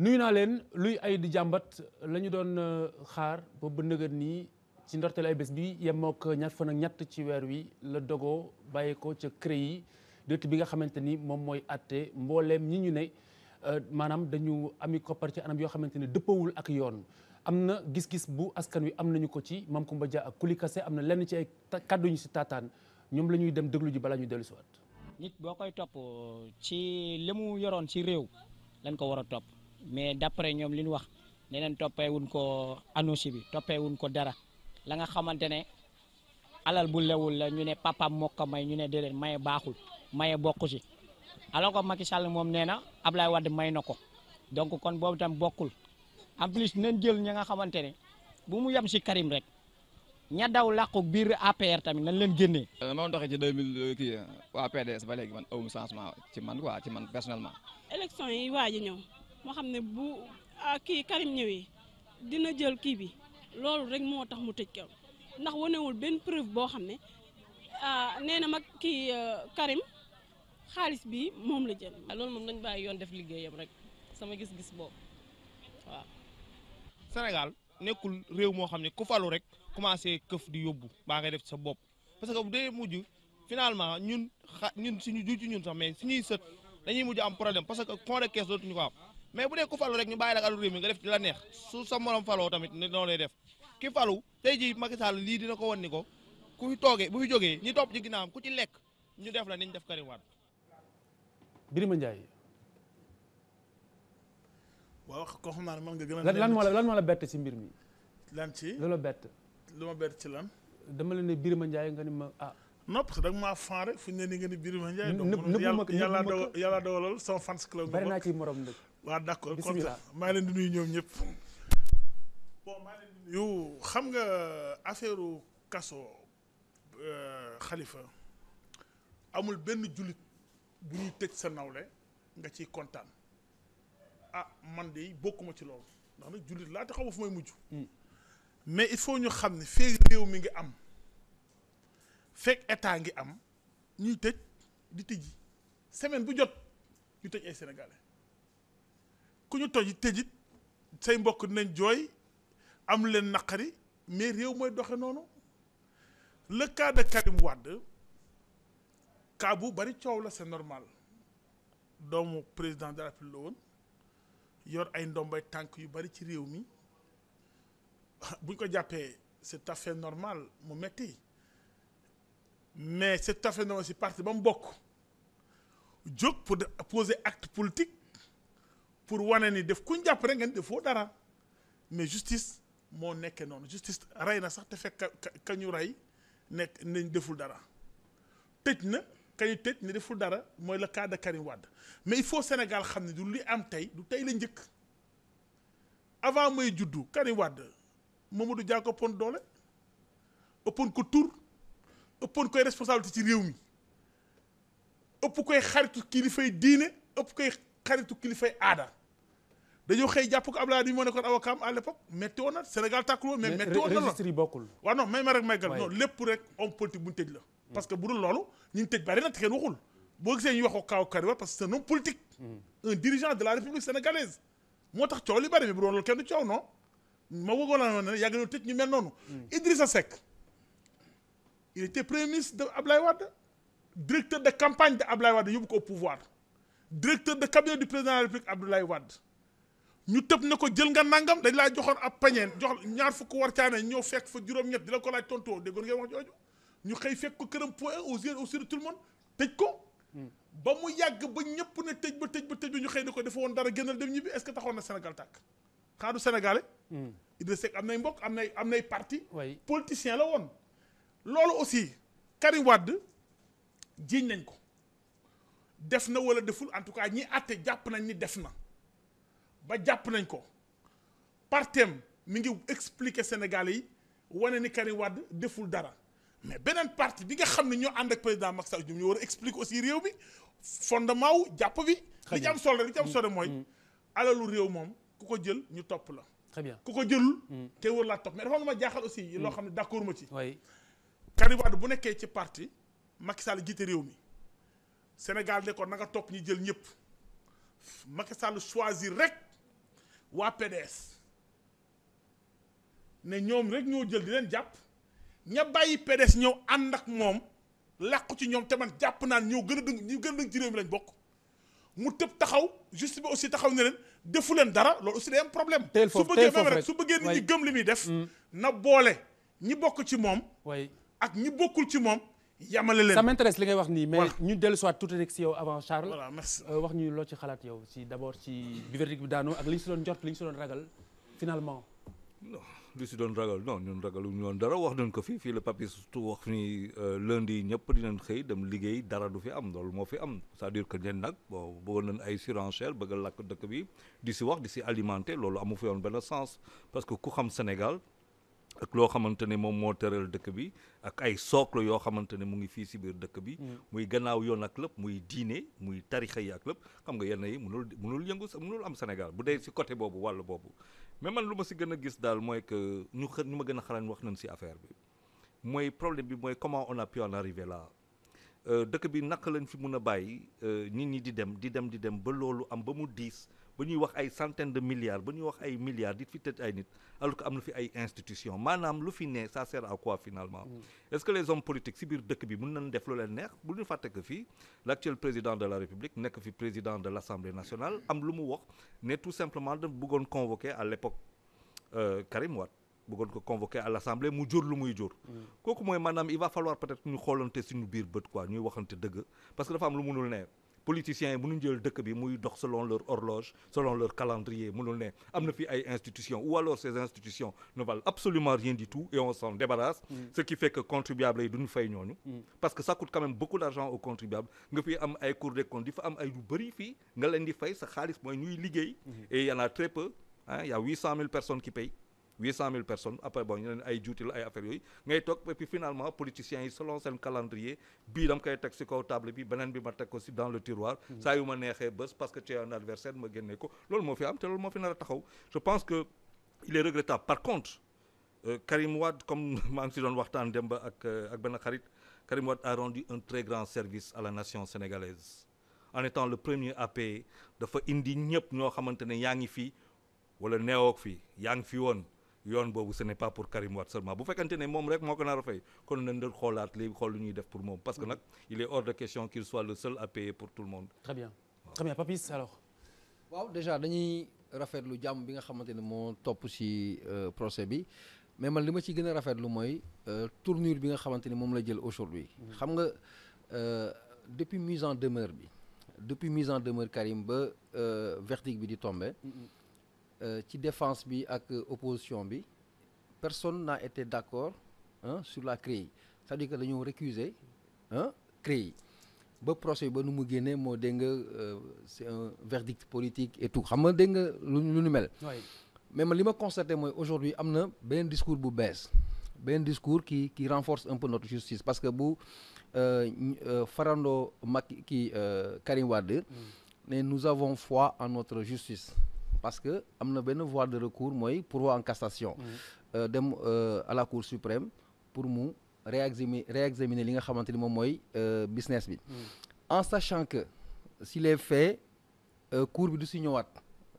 nuyu naa leen luy ay di jàmbat la ñu doon euh, xaar boobu ba nëgër nii ci ndorteel ay bés bi yemook ñaar fan ak ñett ci weer wi la dogoo bàyyeekoo ca CREI yi dëtt bi nga xamante ni moom mooy àtte mbooleem ñi ñu ne euh, maanaam dañu ami koppar ci anam yoo xamante ni dëppawul ak yoon am na gis-gis bu askan wi am nañu ko ci moom Coumba Dia ak Kuli Kassé am na lenn ci ay kàddu ñu si taataan ñoom la ñuy dem déglu ji balaa ñu dellu si waat nit boo koy topp ci li yoroon ci réew lañ ko war a topp mais d'après ñoom li ñu wax neneen toppee wuñ ko annonce bi toppee ko dara la nga xamante ne alal bu lewul la ñu ne papaam moo ko may ñu ne déedéet maye baaxul maye bokku ci alors que Macky Sall moom nee na Ablaye Wade may na ko donc kon boobu tam bokkul en plus nañ jël ña nga xamante ne bu mu yem si Karim rek ña daw làqu biir APR tamit nañ leen génnee. ma euh, doxee ci 2000 euh, kii euh, waa PDS ba léegi man aw ci man quoi ci man personnellement. élection moo xam ne bu kii Karim ñëwee dina jël kii bi loolu rek moo tax mu tëj ko ndax wanewul benn preuve boo xam ne nee na mag kii e, Karim xaalis bi moom la jël. Ah, loolu moom nañ bàyyi yoon def liggéeyam rek sama gis-gis boobu waaw. Sénégal nekkul réew moo xam ne ku falu rek commencé këf di yóbbu baa ngay def sa bopp parce que bu dee mujj finalement ñun xa ñun suñu juuti ñun sax mais suñuy sët dañuy mujj am problème parce que fond de caisse dootuñu ko am. mais bu dee ku falu rek ñu bàyyi la ak alu réew mi nga def ci la neex su sa morom faloo tamit noonu lay def ki falu tey jii Macky Sall lii dina ko wan ni ko ku fi toogee bu fi jógee ñi topp ci ginnaawam ku ci lekk ñu def la niñ def Karim Wade. Birima Ndiaye. waaw ko xam naa ne nga lan moo la lan moo la bett ci mbir mi. lan ci lu la ci lan. dama la ne Birima Ndiaye nga ni ma ah. non parce que rek fu ne nii nga ni Birima Ndiaye. nëb nëb ma yàlla dogalal club. bari naa ci morom nag. waa d' accord kon maa leen du nuyu ñoom ñëpp. bon xam nga affaire kaso xalifa euh, amul benn jullit bu ñuy tëj sa nawle nga ci kontaan ah man de bokkuma ci loolu ndax nag jullit laa te xaw ma fu may mujj. Hmm. mais il faut ñu xam ni feeg réew mi ngi am feeg état ngi am ñuy tëj di tëj semaine bu jot ñu tëj ay sénégalais. ku ñu toj tëjit say mbokk dinañ jooy am leen naqari mais réew mooy doxe noonu le cas de Karim Wade cas bari coow la c'est normal doomu président de la République la woon yor ay ndombay tànk yu bari ci réew mi buñ ko jàppee c'est tout à fait normal mu metti mais c'est tout à fait normal si parti ba mu bokk jóg pour poser acte politique pour wane ni def kuñ jàpp rek ngeen dara mais justice moo nekkee noonu justice rey na sax te fekk ka ñu rey nekk nañ deful dara tëj na kañu tëj ne deful dara mooy le cas de Karim Wade mais il faut Sénégal xam ne du li am tey du tey la njëkk avant may juddu Karim Wade Mamadou Dia ëppoon doole ëppoon ko tur ëppoon koy responsabilité ci réew mi ëpp koy xaritu kilifa yi diine ëpp koy xaritu kilifay aada dañoo xëy jàpp ko Abdoulaye bi moo nekkoon avocat am à l'époque na Sénégal tàkkuloo mais métti woon na la registre yi bokkul waaw non may ma rek may gal non lépp rek homme politique bu ñu la mm. parce que bu dul loolu ñu ngi tëj bari na te kenn waxul boo gisee ñu wax ko kaaw Karim parce que c'est un homme mm. un dirigeant de la République sénégalaise moo tax coow li bari mais bu doon loolu kenn du coow non ma bëggoon naa ne yàgg na ñu mel noonu mm. Idrissa Seck il de Abdoulaye Wade directeur de campagne de Abdoulaye Wade directeur de cabinet du président de la république ñu tëb ne ko jël nga nangam dañ laa joxoon ab pañeen jox ñaar fukk war caanee ñëw fekk fa juróom-ñett di la ko laaj tontoo déggoon ngeen wax jooju ñu xëy fekk ko këram point aux yeux aussi de tout le monde tëj ko hmm. ba mu yàgg ba ñëpp ne tëj ba tëj ba tëj ba ñu xëy ne ko dafa woon dara gënal dem ñibbi est-ce que taxoon na Sénégal tàkk xaadu sénégalais hmm. Idrissa Seck am nay mbokk am nay am nay parti politicien la woon loolu aussi Karim nañ ko def na wala deful en tout cas ñi àtte jàpp nañ ni def na ba jàpp nañ ko partem mi ngi expliquer Sénégalais yi wane ni Karim Wade deful dara mais beneen parti bi nga xam ne ñoo ànd ak président Macky Sall ñoom ñu war a aussi réew bi fondement wu jàpp bi. li am solo li ci am mm, solo mooy. Mm. alalu réew moom ku ko jël ñu topp la. très bien ku ko jëlul. Mm. te war laa topp mais dafa am lu ma jaaxal aussi. loo xam ne d'accord ma ci. Karim Wade bu nekkee ci parti Macky Sall jiite réew mi. Sénégal de ko na nga topp ñi jël ñëpp Macky Sall choisir rek waa PDS ne ñoom rek ñoo jël di leen jàpp ña bàyyi PDS ñëw ànd ak moom làqu ci ñoom te man jàpp naan ñoo gën a dëng ñu gën a dëng ci réew lañ bokk mu tëb taxaw juste bi aussi taxaw ne leen defu leen dara loolu aussi day am problème su bëggee même rek su bëggee nit ñi gëm li muy def mm. na boole ñi bokk ci moom ak ñi bokkul ci moom yamale leen ça m'intéresse li ngay wax nii mais ñu dellu soit tuuti rek si yow avant Charles voilà merci euh, wax ñu loo ci xalaat yow si d' si bi verdict bi daanoo ak li ñu si doon njort li ñu si doon ragal finalement non li si doon ragal non ñun ragalu ñu woon dara wax nañ ko fii fii la papier surtout wax ni euh, lundi ñëpp dinañ xëy dem liggéey dara du fi am loolu moo fi am c'est-à-dire que ñen nag bon bëggoon nañ ay surenchère bëgg a dëkk bi di si wax di si alimenter loolu amu fi yoon benn sens parce que ku xam Sénégal ak loo xamante ne moom moo tëral dëkk bi ak ay socle yoo xamante ne mu ngi fii si biir dëkk bi mm. muy gannaaw yoon ak lépp muy diine muy tarixa yi ak lépp xam nga yenn yi mënul mënul yëngu mënul am Sénégal bu dee si côté boobu wàll boobu mais man lu ma si gën a gis daal mooy que ñu xë ñu ma gën a xalaat wax nañ si affaire bi mooy problème bi mooy comment on a pu en arriver euh, dëkk bi naka lañ fi mun a bàyyi euh, nit ñi di dem di dem di dem ba loolu am ba mu diis ba ñuy wax ay centaines de milliards ba ñuy wax ay milliards di fi tëj ay nit alors que am na fi ay institutions maanaam lu fi ne ça sert à quoi finalement mm. est-ce que les hommes politiques si biir dëkk bi mën nañ def lu leen neex bu ñu fàtte que fii l'actuel président de la République nekk fi président de l'Assemblée nationale am lu mu wax ne tout simplement da bëggoon convoquer à l'époque euh, Karim Wade bëggoon ko convoquer à l'Assemblée mu jur lu muy jur mm. suñu biir bët quoi ñuy que dafa am lu mënul politiciens yi mënuñ jël dëkk bi muy dox selon leur horloge selon leur calendrier mënul ne am na fi ay institution ou alors ces institutions ne valent absolument rien du tout et on s'en débarrasse mm. ce qui fait que contribuables yi duñu fay ñooñu mm. parce que sa coûte quand même beaucoup d'argent aux contribuables nga fi am ay cours des comptes di fa am ay lu bëri fii nga leen di fay sa xaalis mooy ñuy liggéey mm-hmm. et il y en a très y huit cent mille personnes qui huit cent mille personnes après bon ñu leen ay juuti la ay affaires yooyu ngay toog et puis finalement politiciens yi selon seen calendrier bii dam koy teg si kaw table bi beneen bi ma teg ko si dans le tiroir saa yu ma neexee bés parce que tu es un adversaire ma génnee ko loolu moo fi am te loolu moo fi nar a taxaw je pense que il est regrettable par contre euh, comme maa ngi si doon waxtaan dem ba euh, ak benn xarit Karim Wade a rendu un très grand service à la nation sénégalaise en étant le premier APE dafa indi ñëpp ñoo xamante ne yaa ngi fii wala neewook fii yaa ngi fi woon yoon boobu ce n'est pas pour Karim Wade seulement bu fekkante ne moom rek moo ko nar a fay kon nañ leen xoolaat léegi xool lu ñuy def pour moom parce que nag il est hors de question qu'il soit le seul à payer pour tout le monde. très waaw déjà dañuy rafetlu jàmm bi nga xamante ne moo topp ci euh, procès bi mais man li ma ci gën a rafetlu mooy euh, tournure bi nga xamante ni moom la jël aujourd'hui mm-hmm. xam nga euh, depuis mise en demeure bi depuis mise en demeure Karim ba verdict bi di tombé. Mm-hmm. Euh, ci défense bi ak euh, opposition bi personne n'a été d'accord hein, sur la CREI c'est-à-dire que dañoo récuser ah CREI ba procès ba nu mu génnee moo dégg nga euh, c'est un verdict politique et tout xam nga dégg nga lu lu nu mel. mais man li ma constaté mooy aujourd'hui am na beneen discours bu bees beneen discours qui qui renforce un peu notre justice parce que bu farando mag kii Karim Wade. ne mm. nous avons foi en notre justice. parce que am na benn voie de recours mooy pourvoi en cassation. Mm. Euh, dem euh, à la cour suprême pour mu réexaminer réexaminer li nga xamante ni moom mooy euh, business bi. Mm. en sachant que si les faits cour bi du si ñëwaat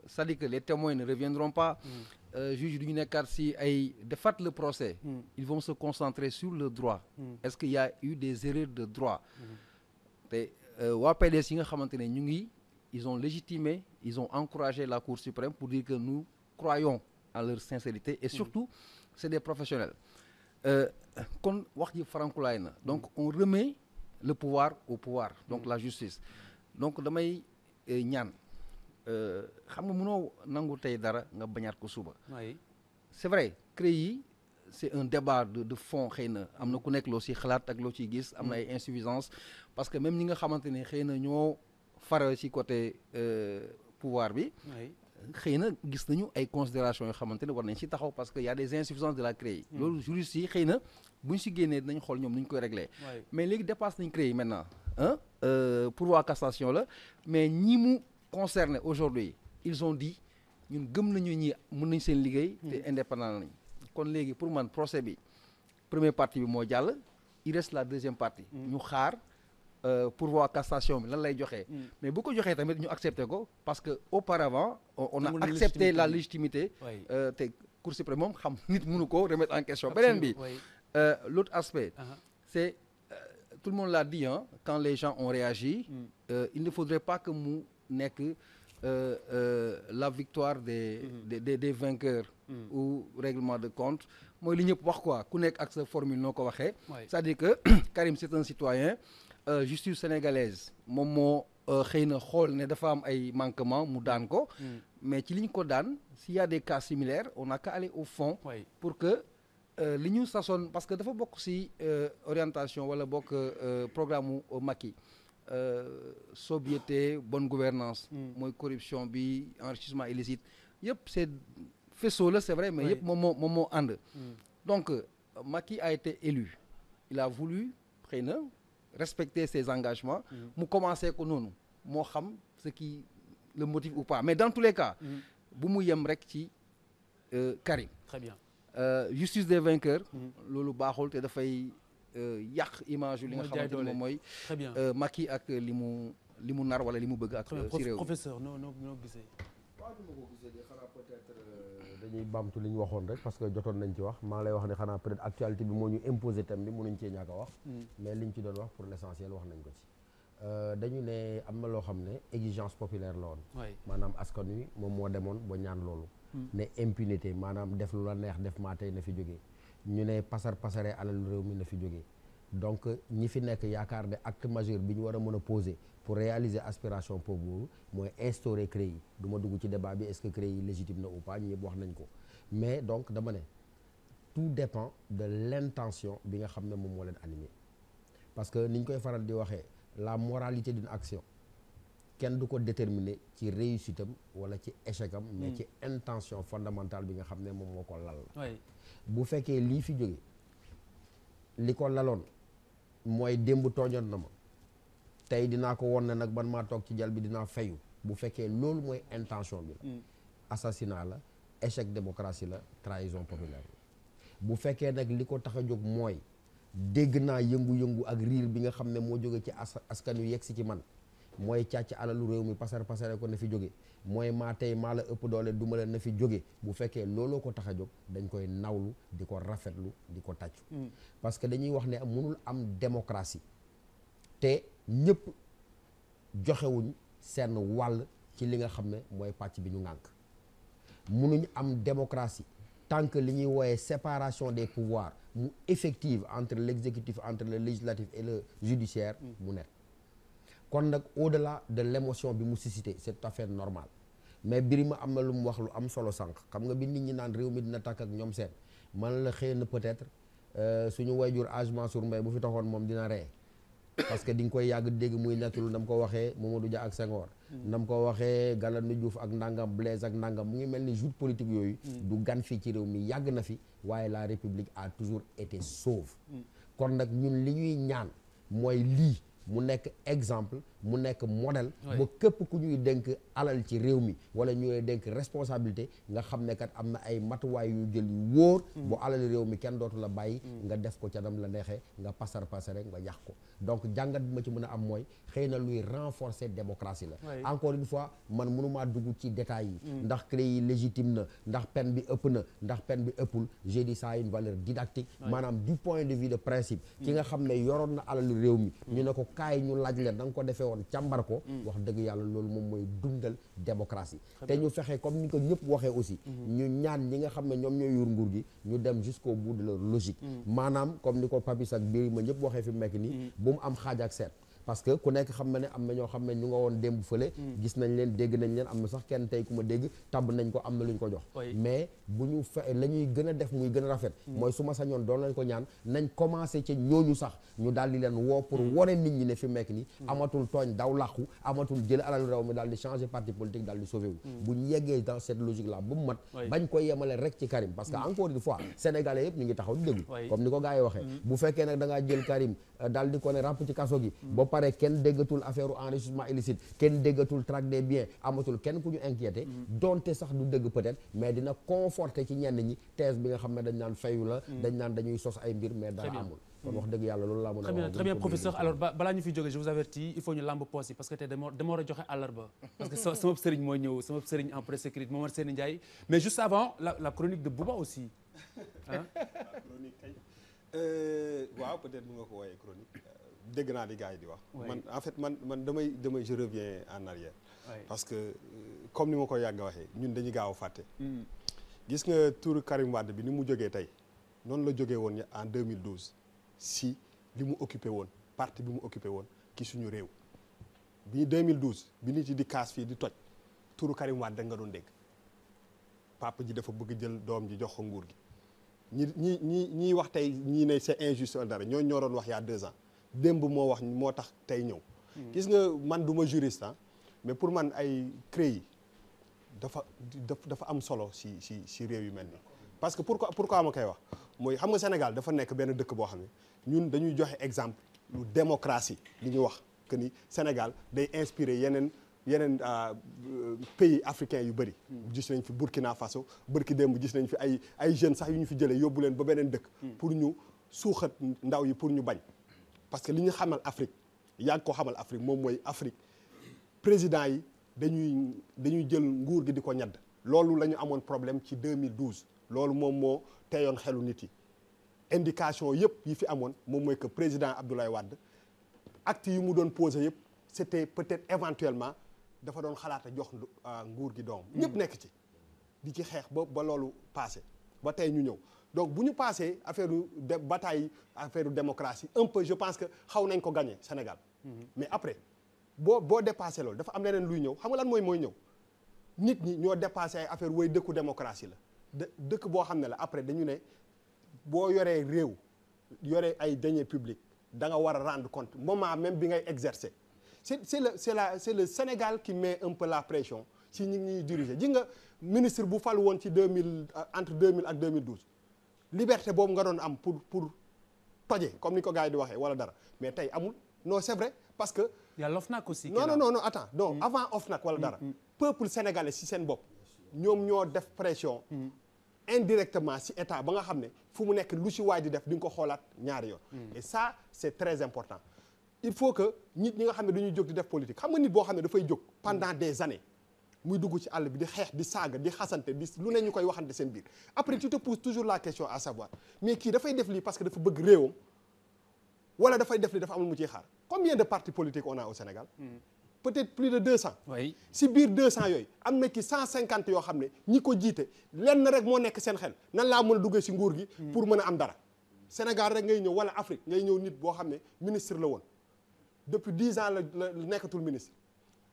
c'est-à-dire que les témoins ne reviendront pas. Mm. juge du ñu nekkaat si ay defat le procès. ils vont se concentrer sur le droit. est-ce que y a eu des erreurs de droit. te waa PDS yi nga xamante ne ñu ngi. ils ont légitimé, ils ont encouragé la Cour suprême pour dire que nous croyons à leur sincérité et hmm. surtout, c'est des professionnels. Euh, kon wax ji farankulaay na donc hmm. on remet le pouvoir au pouvoir donc hmm. la justice donc damay euh, ñaan euh, xam nga munoo nangu tey dara nga bañaat ko suba c'est vrai CREI yi c'est un débat de de fond xëy na am na ku nekk loo si xalaat ak loo ciy gis am na insuffisance parce que même ñi nga xamante ne xëy na ñoo faro ci côté euh, pouvoir bi. xëy na gis nañu ay considérations yoo xamante ne war nañ ci taxaw parce que y a des insuffisances de la CREI. Hmm. loolu juristes yi xëy na buñ si génnee dinañ xool ñoom nu ñu koy régler. mais léegi dépasse nañ CREI maintenant ah pour waa cassation la mais ñii mu concerné aujourd'hui ils ont dit ñun gëm nañu ñi mun nañ seen liggéey. Hmm. te indépendant nañ kon léegi pour man procès bi premier partie bi moo jàll il reste la deuxième partie. Hmm. ñu xaar. pour euh, pourvoi cassation bi lan lay joxe. Hmm. mais bu ko joxee tamit ñu accepté ko parce que auparavant. on a accepté la légitimité. Euh, te Cour suprême moom xam nit mënu ko remettre en question. beneen bi euh, l' autre aspect. Uh-huh. c' est tout le monde l'a dit hein quand les gens ont réagi. Hmm. il ne faudrait pas que mu nekk. Euh, euh, la victoire des, mm -hmm. des, des, des vainqueurs hmm. ou règlement de compte mooy li ñëpp wax quoi ku nekk ak sa formule noo ko waxee c'est-à-dire que Karim c'est un citoyen Euh, justice sénégalaise moom moo euh, xëy na xool ne dafa am ay manquement mu daan ko mm. mais ci li ñu ko daan s'il y a des cas similaire on n'a qu'à au fond pour que euh, li ñu sasoon parce que dafa bokk si orientation wala bokk programme mu Macky sobriété bonne gouvernance mm. mooy corruption bi enrichissement illicite yëpp c'est faisceau la c'est vrai mais yëpp moom moo moom moo ànd mm. donc Macky a été élu il a voulu xëy na respecter ses engagements. Mm-hmm. mu commencé ko noonu moo xam ce qui le motive ou pas mais dans tous les cas. Mm-hmm. bu mu yem rek ci euh, Karim. très bien euh, justice des vainqueurs. Mm-hmm. loolu baaxul te dafay euh, yàq image. li nga xamante ne mooy. très bien Macky ak li mu li mu nar wala li mu bëgg ak. ci réew mi professeur noo gisee. dañuy baamtu li ñu waxoon rek parce que jotoon nañ ci wax maa ngi lay wax ne xanaa peut-être actualité bi moo ñu imposé thème bi mënuñ cee ñàkk a wax mm. mais liñ ci doon wax pour l'essentiel wax nañ ko ci euh, dañu ne am na loo xam ne exigence populaire la woon maanaam askan wi moom moo demoon boo ñaan loolu mm. ne impunité maanaam def la neex def maa tey na fi jógee ñu ne pasar pasare alal réew mi na fi jógee donc ñi fi nekk yaakaar ne ak majeur bi ñu war a mën a poser pour réaliser aspiration pop boobu mooy instaurer CREI du ma dugg ci débat bi est-ce que CREI légitime na ou pas ñu yëpp wax nañ ko mais donc dama ne tout dépend de l'intention bi nga xam ne moom moo leen animé parce que ni ñu koy faral di waxee la moralité d'une action kenn du ko déterminer ci réussite am wala ci échec am mais mm. ci intention fondamentale bi nga xam ne moom moo ko lal la bu fekkee lii fi jóge li ko laloon mooy démb tooñoon na ma tey dinaa ko won ne nag ban maa toog ci jal bi dinaa fayu bu fekkee loolu mooy intention bi la hmm. assassinat la échec démocratie la trahison populaire bu fekkee nag li ko tax a jóg mooy dégg naa yëngu-yëngu ak riir bi nga xam ne moo jóge ci askan wi yegg si ci man mooy càcc alalu réew mi pasar pasare ko na fi jóge mooy maa tey maa la ëpp doole duma la na fi jóge bu fekkee looloo ko tax a jóg dañ koy nawlu di ko rafetlu di ko tàccu hmm. parce que dañuy wax ne mënul am démocratie te ñëpp joxewuñ seen wàll ci li nga xam ne mooy pàcc bi ñu ŋànk munuñ am démocratie tant que li ñuy wooyee séparation des pouvoirs mu effective entre l'exécutif entre le législatif et le judiciaire mu nekk kon nag au-delà de l'émotion bi mu suscité c'est tout à fait normal mais biri Birima am na lu mu wax lu am solo sanq xam nga bi nit ñi naan réew mi dina tàkk ak ñoom seen man la xëy na peut-être euh, suñu wayjur âge sur mbay bu fi taxoon moom dina ree parce que di nga koy yàgg dégg muy nettali nam ko waxee du Dia ak Senghor mm. nam ko waxee Galandou Diouf ak nangam Blaise ak nangam mu ngi mel ni joute politique yooyu mm. du gan fii ci réew mi yàgg na fi waaye la république a toujours été sauve mm. kon nag ñun li ñuy ñaan mooy lii mu nekk exemple mu nekk modèle ba képp ku ñuy denk alal ci réew mi wala ñu lay dénk responsabilité nga xam ne kat am na ay matuwaay yu jël yu wóor mm. bu alal réew mi kenn dootu la bàyyi mm. nga def ko ca dam la neexee nga pasar pasare nga yàq ko donc jàngat bi ma ci mën a am mooy xëy na luy renforcer démocratie la encore une fois man mënumaa dugg ci détails yi mm. ndax CREI yi légitime na ndax peine bi ëpp na ndax peine bi ëppul j'ai dit ça a une valeur didactique maanaam du point de vue de principe ki xam ne yoroon na alal réew mi ñu ne ko kaay ñu laaj leen da nga ko defee woon càmbar ko mm. wax dëgg yàlla loolu moom mooy dundal démocratie te ñu fexe comme ni ko ñëpp waxee aussi mm-hmm. ñu ñaan ñi nga xam ne ñoom ñooy yor nguur gi ñu dem jusqu'au bout de leur logique mm. maanaam comme ni ko Papis ak ma ñëpp waxee fi mu nekk nii mm. bu mu am xaaj ak seet parce que ku nekk xam na ne am na ñoo xam ne ñu nga woon démb fële mm. gis nañ leen dégg nañ leen am na sax kenn tey ku ma dégg tàbb nañ ko am na lu ko jox mais bu ñu def muy rafet mm. mooy su ma sañoon doon lañ ko ñaan nañ commencé ci ñooñu sax ñu mm. ñu yeggee dans cette logique là bu mu mat bañ koy yemale rek ci Karim parce que encore une fois sénégalais yëpp ñu ngi taxaw di fekkee nag da jël Karim euh, daal di ko ne ràpp ci kaso gi pare kenn déggatul affaire enrichissement illicite kenn déggatul traque des biens amatul kenn ku ñu inquiété mm. donte sax du dëgg peut-être mais dina conforté ci ñenn ñi thèse bi nga xam ne dañ naan fayu la mm. dañ naan dañuy sos ay mbir mais dara amul mm. kon wax dëgg yàlla loolu laa mën a wax très bien professeur alors balaa ñu fi jóge je war a joxe àllarba parce que sama sëriñ moo ñëw sama sëriñ en presse écrite Momar Sène Ndiaye mais juste avant la la chronique de Bouba aussi ah waaw peut bu nga ko wooyee chronique dégg naa li gars yi di wax. man en fait man man damay damay je reviens en arrière. parce que euh, comme ni ma koy yàgg waxee ñun dañuy gaaw a fàtte. Hmm. gis nga tour Karim bi ni mu jógee tey noonu la jógee woon en 2012 si li mu occupé woon parti bi mu occupé woon ki suñu réew. bi 2012 bi nit yi di kaas fii di toj turu Karim Wade nga doon dégg papa ji dafa bëgg jël doom ji jox ko nguur gi ñi ñii ñi ñiy wax tey ñii ne c'est injuste dara ñooñu ñoo doon wax y a deux ans. démb moo wax moo tax tey ñëw. Hmm. gis nga man du ma juriste ah, mais pour man ay CREI dafa dafa am solo si ci si réew yu mel nii. parce que pourquoi pourquoi ma koy wax mooy xam nga Sénégal dafa nekk benn dëkk boo xam ne ñun dañuy joxe exemple lu démocratie li ñu wax que ni Sénégal day inspirer yeneen yeneen euh, euh, pays africains yu bëri. Hmm. gis nañ fi Burkina Faso bërki démb gis nañ fi ay ay jeunes sax yu ñu fi jëlee yóbbu leen ba beneen dëkk. Hmm. pour ñu suuxat ndaw yi pour ñu bañ. parce que li ñu xamal Afrique yàgg ko xamal Afrique moom mooy Afrique président yi dañuy dañuy jël nguur gi di ko ñadd loolu la ñu amoon problème ci 2012 loolu moom moo teyoon xelu nit yi indication yëpp yi fi amoon moom mooy que président Abdoulaye Wade acte yi mu doon posé yëpp c'était peut-être éventuellement dafa doon xalaat a jox euh, nguur gi doom ñëpp hmm. nekk ci di ci xeex ba ba loolu passé ba tey ñu ñëw donc bu ñu passé affaire de bataille affaire démocratie un je pense que xaw nañ ko gagné Sénégal. Mhm. mais après boo boo dépassé loolu dafa am leneen luy ñëw xam nga lan mooy mooy ñëw nit ñi ñoo dépassé ay affaire way dëkku démocratie la dëkk boo xam ne la après dañu ne boo yoree réew yore ay deniers publics da nga war a rendre compte moment même bi ngay exercer c'est c'est le c'est la c'est le Sénégal qui met un peu la pression si ñi ngi ñuy diriger ji nga ministre bu fal woon ci 2000 euh, entre 2000 liberté boobu nga doon am pour pour toje comme ni ko gars yi di waxee wala dara mais tey amul non c'est vrai parce que. y a l'OFNAC aussi. non non non non attends donc mm. avant OFNAC wala dara. Mm, mm. peuple sénégalais si seen bopp. ñoom ñoo def pression. Mm. indirectement si état ba nga xam ne fu mu nekk lu si waay di def di nga ko xoolaat ñaari yoon. et ça c'est très important. il faut que nit ñi nga xam ne ñu jóg di def politique xam nga nit boo xam ne dafay jóg pendant des années. muy dugg ci àll bi di xeex di saaga di xasante di lu ne ñu koy waxante seen biir après tu te poses toujours la question à savoir mais kii dafay def lii parce que dafa bëgg réewam wala dafay def lii dafa amul mu ciy xaar comme combien de parti politiques on a au Sénégal. Hmm. peut-être plus de 200. oui si biir 200 yooyu am na ci 150 yoo xam ne ñi ko jiite lenn rek moo nekk seen xel nan laa mun a duggee si nguur gi. Hmm. pour mën a am dara. Sénégal rek ngay wala Afrique ngay ñëw nit boo xam ne ministre la woon depuis 10 ans la la nekkatul ministre.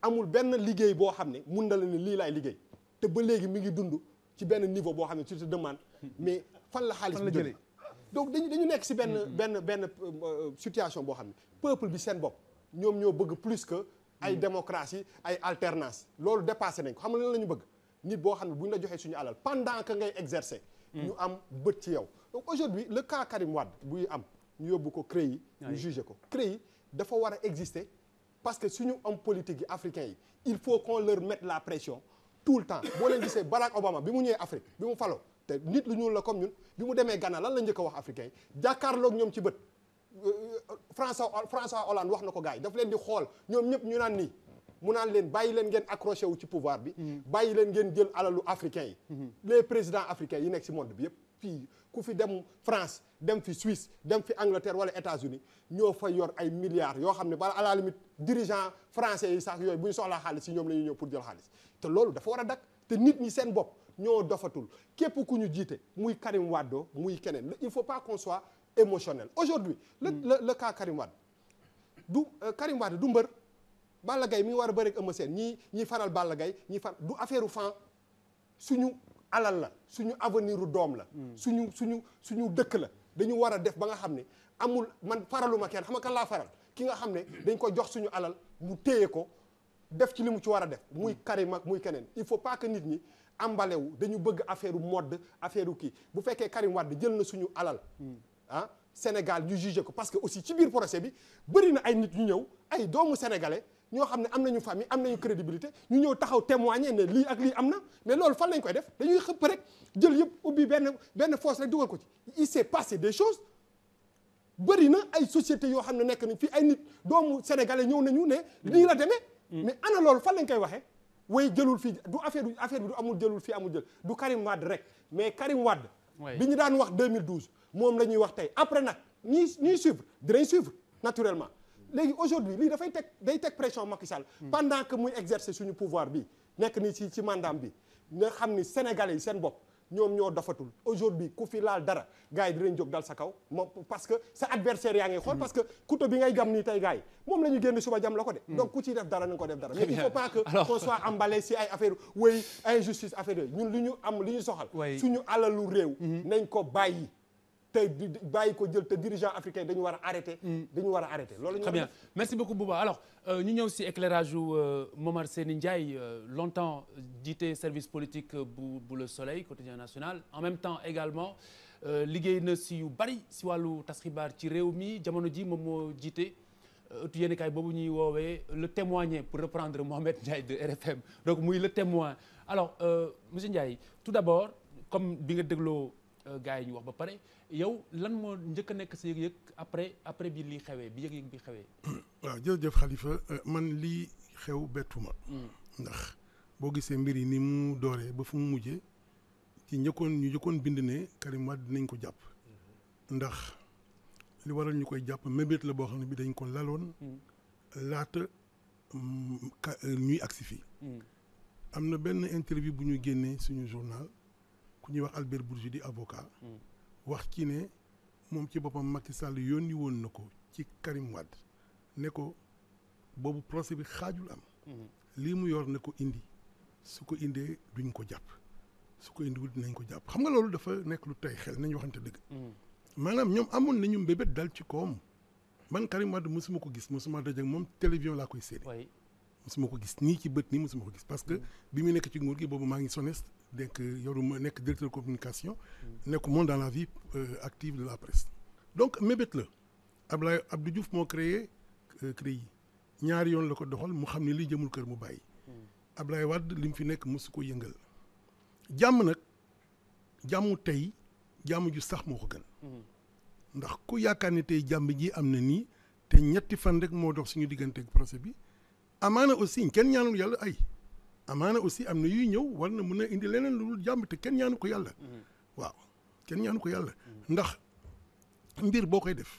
amul benn liggéey boo xam ne mun na la lii laay liggéey te ba léegi mi ngi dund ci benn niveau boo xam ne tu te demandes mais fan la xaalis bi jëlee donc dañu dañu nekk si benn benn benn euh, situation boo xam ne peuple bi seen bopp ñoom ñoo bëgg plus que ay mm. démocratie ay alternance loolu dépassé nañ ko xam nga lan la ñu bëgg nit boo xam ne bu ñu la joxee suñu alal pendant que ngay exercer mm. ñu am bët ci yow donc aujourd'hui le cas Karim Wade buy am ñu yóbbu ko CREI yi ñu ko CREI yi dafa war a exister parce que suñu homme politique yi africain yi il faut qu'on leur mette la pression tout le temps boo leen gisee Barack Obama bi mu ñëwee Afrique bi mu falo te nit lu ñuul la comme ñun bi mu demee Ghana lan la njëkk a wax africain yi jàkkaarloog ñoom ci bët euh, euh, François François Hollande wax na ko gars yi daf leen di xool ñoom ñëpp ñu naan nii mu naan leen bàyyi leen ngeen accroché wu ci pouvoir bi mm-hmm. bàyyi leen ngeen jël alalu africain yi mm-hmm. les président africains yi nekk ci monde bi yëpp fii ku fi dem France dem fi Suisse dem fi Angleterre wala États-Unis ñoo fa yor ay milliards yoo xam ne bala à la limite dirigeant français yi sax yooyu bu ñu soxlaa xaalis si ñoom la ñuy ñëw pour jël xaalis te loolu dafa war a dakk te nit ñi seen bopp ñoo dofatul képp ku ñu jiite muy Karim Wade muy keneen il faut pas qu'on soit émotionnel aujourd'hui la hmm. le le cas Karim Wade du euh, Karim Wade du mbër Balla Gaye war a bëri ak Eumeu Sène ñii ñii faral Balla Gaye ñii faral affaire fan suñu alal la suñu avenir doom la hmm. suñu suñu suñu dëkk la dañu war a def ba nga xam ne amul man faraluma kenn xam nga kan laa faral ki nga xam ne dañ ko jox suñu alal mu téye ko def ci li mu ci war a def muy hmm. Karim ak muy keneen il faut pas que nit ñi ambale dañu bëgg affaire mode affaire u kii bu fekkee Karim Wade jël na suñu alal hmm. ah Sénégal ju jugé ko parce que aussi ci biir procès bi bëri na ay nit ñu ñëw ay doomu sénégalais ñoo xam ne am nañu famille am nañu crédibilité ñu ñëw taxaw témoigner ne lii ak lii am na mais loolu fan lañ koy def dañuy xëpp rek jël yëpp ubbi benn benn force rek dugal ko ci il s'est passé des choses bëri na ay société yoo xam ne nekk nañ fii ay nit doomu sénégalais ñëw nañu ne nii la demee mm. mais ana loolu fan lañ koy waxee way jëlul fii du affaire affaire bi du amul jëlul fii amul jël du Karim Wade rek mais Karim Wade li ñu daan wax 2012 moom la ñuy wax tey après nag ñuy ñuy suivre dinañ suivre naturellement léegi aujourd'hui lii dafay teg day teg pression Macky Sall pendant que muy exercer suñu pouvoir bi nekk ni si ci mandaam bi nga xam ni sénégalais yi seen bopp ñoom ñoo dafatul aujourd'hui ku fi laal dara gars yi dinañ jóg dal sa kaw moom parce que sa adversaire yaa ngay xool parce que couteau bi ngay jam nii tey gars yi moom la ñu génn suba jam la ko de hmm. donc ku ciy def dara na ko def dara mais il faut pas que qu'on soit emballé si ay affaire wéy injustice affaire yooyu ñun ñu am li ñu soxal suñu alalu réew hmm. nañ ko bàyyi tey bàyyi ko jël te dirigeant africain dañu war a arrêté. Mm. dañu war a arrêté loolu. très bien merci beaucoup Bouba alors euh, ñu ñëw si éclairage yu euh, Momar Seni Ndiaye euh, longtemps jiite service politique bu bu Le Soleil quotidien national en même temps également liggéey na si yu bari si wàllu tas xibaar ci réew mi jamono ji moom moo jiite. tu yéen boobu ñuy woowee le témoigner pour reprendre Mohamed Ndiaye de RFM donc muy le témoin alors monsieur Ndiaye tout d'abord comme bi nga dégloo gars yi ñu wax ba pare. yow lan moo njëkk nekk si yëg-yëg après après bi lii xewee bi yëg-yëg bi xewee. waaw jërëjëf Khalifa euh, man lii xew bettuma hmm. ndax boo gisee mbir yi ni mu dooree ba fu mu mujjee ci njëkkoon ñu jëkkoon bind ne Karim Wade dinañ ko jàpp. Hmm. ndax li waral ñu koy jàpp mébét la boo xam ne bi dañ ko laloon. Hmm. laata mm, euh, ñuy agsi fii. am na benn interview bu ñu génnee suñu journal ku ñuy wax Albert Bourgi di avocat. wax ci ne moom ci boppam Macky Sall yónni woon na ko ci Karim ne ko boobu procès bi xaajul am. Mm-hmm. lii mu yor ne ko indi su ko indee duñ ko jàpp su ko indiwul dinañ ko jàpp xam nga loolu dafa nekk lu tey xel nañ waxante dëgg. Mm-hmm. maanaam ñoom amoon nañu mbébét dal ci koom man Karim Wade mosuma ko gis mu daje ak moom télévision laa koy séedee. mosuma ko gis nii ci bët nii mosuma ko gis parce mm-hmm. bi mu nekk ci nguur gi boobu maa ngi sonest nekk ma nekk directeur communication. nekku moom dans la vie euh, active de la presse. donc mébét la Ablaye Abdou Diouf moo créé euh, CREI ñaari yoon la ko doxal mu xam ne li jëmul kër mu bàyyi. Ablaye Wade li mu fi nekk mosu ko yëngal. jàmm nag jàmmu tey jàmm ju sax moo ko gën. ndax ku yaakaar ni tey jàmm ji am na nii te ñetti fan rek moo dox suñu digganteeg procès bi amaana aussi kenn ñaanul yàlla ay. amaana aussi am na yuy ñëw war na mën a indi leneen lu dul jàmm te kenn ñaanu ko yàlla. Mm-hmm. waaw kenn ñaanu ko yàlla. Mm-hmm. ndax mbir boo koy def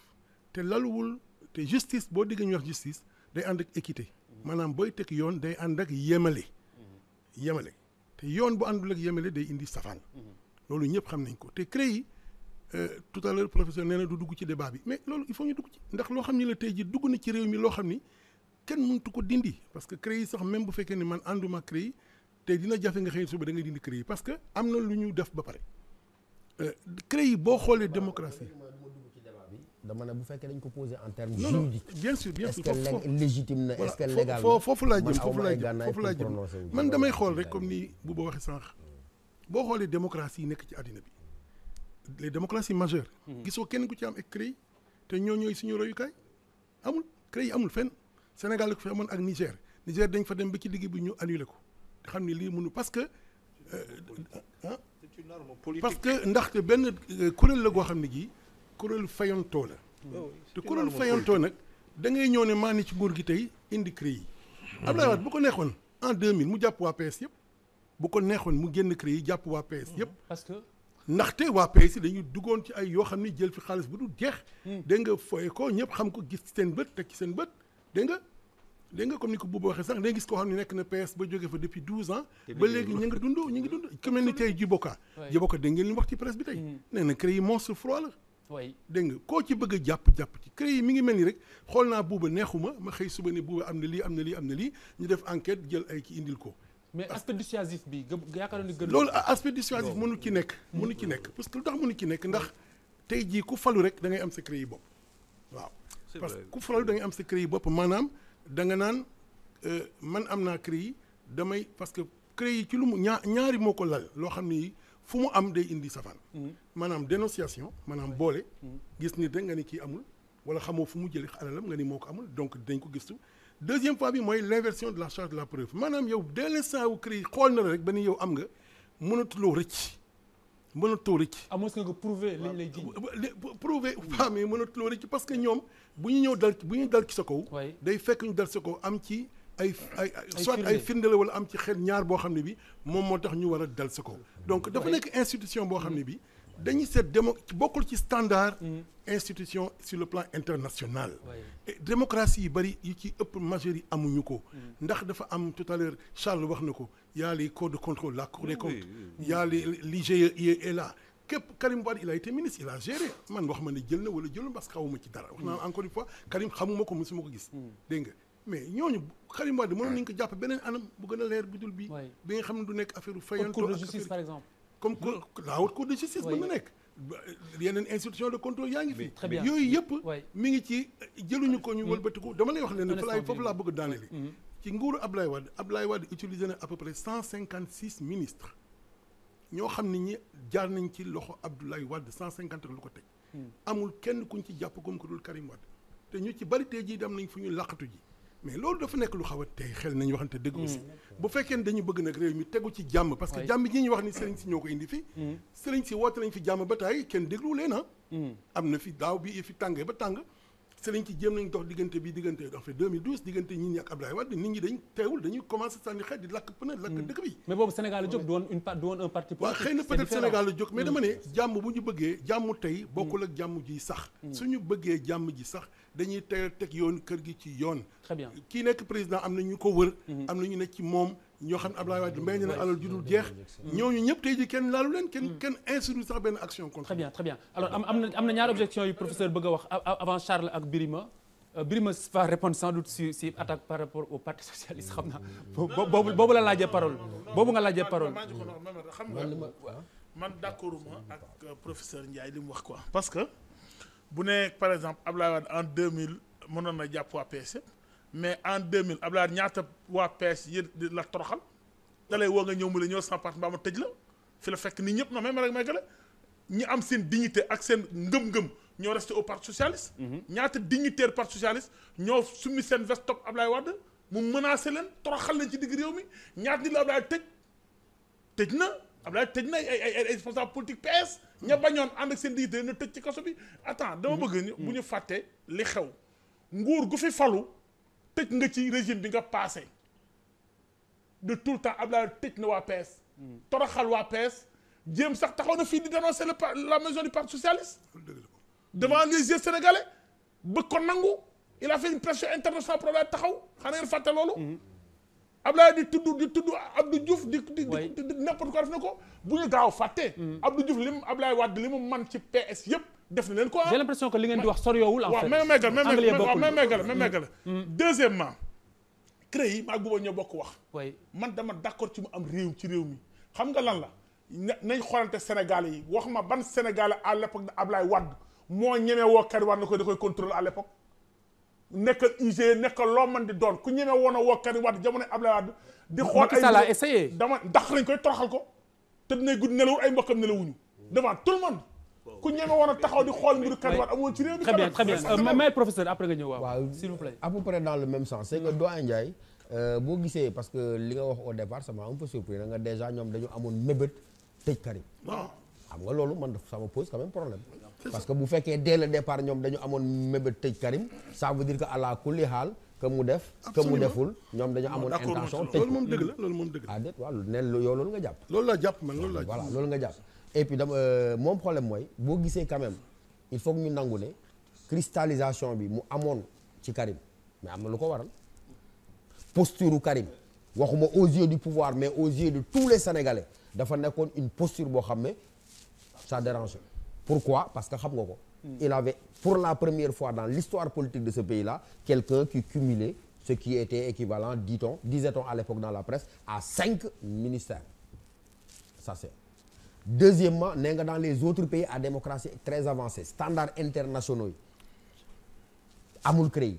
te laluwul te justice boo déggee ñu wax justice day ànd ak équité mm-hmm. maanaam booy teg yoon day ànd ak yemale. yemale te yoon bu àndul ak yemale day indi safaan. loolu ñëpp xam nañ ko te CREI euh, tout à l'heure professeur nee na du dugg ci débat bi mais loolu il faut ñu dugg ci ndax loo xam ni la tey ji dugg na ci réew mi loo xam ni. kenn mëntu ko dindi parce que CREI sax même bu fekkee ni man ànduma CREI te dina jafe nga xëy suba da nga dindi yi parce que am na lu ñu def ba pare euh, CREI boo xoolee démocratie dama ne bu fekkee dañ ko posé en termes juridiques bien sûr bien sûr est-ce que laa jëm foofu laa jëm foofu laa jëm man damay xool rek comme ni bu ba waxee sànq boo xoolee démocratie yi nekk ci àddina bi les démocraties majeures mhm. gisoo kenn ku ci am ak CREI te ñoo ñooy suñu royukaay amul CREI amul fenn Sénégal la ko fi ak Niger Niger dañ fa dem ba ci digg bi ñu annulé ko xam ni lii mënu parce que. Euh, ah parce que ndaxte benn euh, kuréel la goo xam ne gii kuréel fayantoo la. Oh te kuréel fayantoo nag dangay ñëw ne maa ni ci nguur gi tey indi CREI yi. Abdoulaye Wade bu ko neexoon en deux 2000 mu jàpp waa PS yëpp bu ko neexoon mu génn CREI yi jàpp waa PS yëpp. Mm-hmm. parce que ndaxte waa PS yi dañu duggoon ci ay yoo xam ne jël fi xaalis bu du jeex. Mm. dégg nga fooye ko ñëpp xam ko gis seen bët teg ci seen bët dégg dégg nga comme ni ko boobu waxee sax day gis koo xam ne nekk na PS ba jóge fa depuis 12 ans. ba léegi ñu ngi dund ñu ngi dund ku mel ni tey Djiboka. Djiboka dégg ngeen li wax ci presse bi tey. Mm-hmm. nee na CREI monstre nga koo ci bëgg jàpp jàpp ci CREI yi mi ngi mel ni rek xool naa buuba neexuma ma xëy suba ne buuba am na lii am na lii am na lii ñu def enquête jël ay ci indil ko. mais aspect dissuasif bi yaakaaroon ni gën. loolu aspect dissuasif mënu ci nekk. mënu ci nekk mm-hmm. parce que lu tax mënu ci nekk ndax tey jii falu rek da am sa CREI yi bopp waaw parce que ku falu da ngay am sa CREI yi bopp maanaam da nga naan euh, man am naa crédit damay parce que crédit ci lu mu ñaar ñaari moo ko lal loo xam ni fu mu am day indi safaan. Mm-hmm. maanaam dénonciation maanaam boole. Mm-hmm. gis nit da nga ni kii amul wala xamoo fu mu jëlee alalam nga ni moo ko amul donc dañ ko gistu deuxième fois bi mooy l'inversion de la charge la preuve maanaam yow dès l'instant wu yi xool na la rek ba ni yow am nga mënatuloo rëcc. mënatoo rëcc. ah mos nga ko prouver liñ lay ji. prouver femmes yi mënatoo rëcc parce que ñoom bu ñu ñëw dal bu ñu dal ci sa kaw. day fekk ñu dal sa kaw am ci ay ay. soit ay firnde la wala am ci xel ñaar boo xam ne bi moom moo tax ñu war a dal sa kaw. donc dafa nekk institution boo xam ne bi. dañu seet démo bokkul ci standard mm. institution sur le plan international et démocratie yi bëri yi ci ëpp majeur yi amuñu ko mm. ndax dafa am tout à l'heure Charles wax na ko y a les codes de contrôle la cour des comptes y a les l'IGE est là képp Karim Wade il a été ministre il a géré man wax ma ne jël na wala jëlul parce que xawuma ci dara wax naa mm. encore une fois Karim xamuma ko musuma ko gis dégg nga mais ñooñu Karim Wade mënoon nañu ko jàpp beneen anam a leer bu dul comme la haute cour de justice mën na nekk yeneen institution de contrôle yaa ngi fi yooyu yëpp mi ngi ci jëluñu ko ñu wëlbatiku dama lay wax ne ne falaay foofu laa bëgg daane li mhm. ci nguuru Ablaye Wade Ablaye Wade utilisé na à peu près cent cinquante six ministres ñoo xam ne ñi jaar nañ ci loxo Abdoulaye Wade cent cinquante lu ko teg hmm. amul kenn kuñ ci jàpp comme ku dul Karim Wade te ñu ci bari tey jii dem nañ fu ñu laqatu ji mais loolu dafa nekk lu xaw a tey xel nañu waxante dëgg hmm. aussi bu fekkee ne dañu bëgg nag réew mi tegu ci jàmm parce que jàmm ji ñu wax ni sëriñ si ñoo ko indi fi hmm. sëriñ si woote nañ fi jàmm ba tey kenn déglu leen ah hmm. am na fi daaw bi fi tàngee ba tàng sëriñ ci jéem nañ dox diggante bi di lakk pneu lakk hmm. dëkk bi mais boobu Sénégal la jóg du woon une part du woon un parti politique waaw xëy na ne hmm. jàmm bu ñu bëggee jàmm tey hmm. bokkul ak jàmm ji sax su ñu bëggee jàmm ji sax dañuy teel teg yoon kër gi ci yoon très bien kii nekk président am na ñu ko wër am na ñu nekk ci moom ñoo xam ne Abdoulaye Wade may na leen alal ju dul jeex ñooñu ñëpp tey ji kenn laalu leen kenn kenn insidu sax benn action contre très bien très am na am na ñaari objection yu professeur bëgg a wax avant Charles ak Birima euh, Birima va répondre sans doute si si attaque par rapport au parti socialiste xam naa boobu boobu la laajee parole boobu nga laajee parole man d'accord ak euh, professeur Ndiaye li wax quoi parce que bu ne par exemple ab Abdoulaye Wade en 2000 mënoon na jàpp waa mais en 2000 Abdoulaye ñaata waa PS yéen la toroxal da lay woo nga ñëw mu la ñëw sama parti mbaa ma tëj la fi la fekk nii ñëpp non même rek may gële ñi am seen dignité ak seen ngëm-ngëm ñoo resté au parti socialiste. Mhm. ñaata dignitaire parti socialiste ñoo summi seen veste topp Abdoulaye Wade mu menacé leen toroxal leen ci diggu réew mi ñaata nit la Abdoulaye tëj tëj na Abdoulaye tëj na ay ay ay responsable politique PS. ña mhm. bañoon ànd ak seen dignité ñu tëj ci kaso bi. attends dama mhm. bëgg. bu ñu fàtte li xew nguur gu fi falu. tëj nga ci régime bi nga passé de tout le temps Abdoulaye tëj na waa PS. Hmm. toroxal waa PS jéem sax taxaw na fii di dénoncer le la maison du parti socialiste. devant les yeux sénégalais bëgg ko nangu il a fait une pression internationale pour Abdoulaye taxaw xanaa ngeen loolu. Hmm. Abdoulaye di tudd di tudd Abdou Diouf di di di n'importe quoi def na ko bu ñu gaaw fàtte. Mm. Abdou Diouf lim Abdoulaye Wade li mu man ci PS yëpp def na leen ko ah. j'ai l'impression que li ngeen di wax soriwul. en fait anglais bokkul waaw même Megal même Megal mm. mm. deuxièmement CREA yi maa ngi ñoo bokk wax. man dama d'accord ci mu am réew ci réew mi xam nga lan la nañ xoolante Sénégal yi wax ma ban Sénégal à l'époque de Abdoulaye Wade moo ñeme woo Karim na ko da koy contrôler à l'époque nekk UG nekkal loo man di doon ku ñeme woon a woo Karim Wade jamono Abdoulaye Wade di xool ay a essayé dama ndax nañ koy toroxal ko te dinañ gudd nelawul ay mbokkam nelawuñu devant tout le monde ku ñeme woon a taxaw di xool mbiru Karim Wade amoon ci réew mi très bien très bien euh, mais professeur après nga ñëw waaw euh, boo gisee parce que li nga wax au départ ça m'a un peu surpris nga déjà ñoom dañu amoon mébét tëj Karim xam nga loolu man daf sama pose quand même problème parce que bu fekkee dès le départ ñoom dañu amoon mébét tëj Karim ça veut dire que àla kulli xaal que mu def que mu deful ñoom dañu amoon ah, intention tëj moom dëgg la loolu moom dëgg la ah déet waaw ne yow loolu nga jàpp loolu laa jàpp man loolu laa voilà nga jàpp et puis dama euh, moom problème mooy boo gisee quand il faut que ñu nangu ne cristallisation bi mu amoon ci Karim mais am na lu ko waral posture Karim waxuma aux yeux du pouvoir mais aux yeux tous les Sénégalais dafa nekkoon une posture boo xam ne ça dérange Pourquoi Parce que xam nga ko. Hmm. il avait pour la première fois dans l'histoire politique de ce pays-là quelqu'un qui cumulait ce qui était équivalent dit-on disait-on à l'époque dans la presse à cinq ministères ça c'est deuxièmement nee nga dans les autres pays à démocratie très avancée standards internationaux yi amul CREI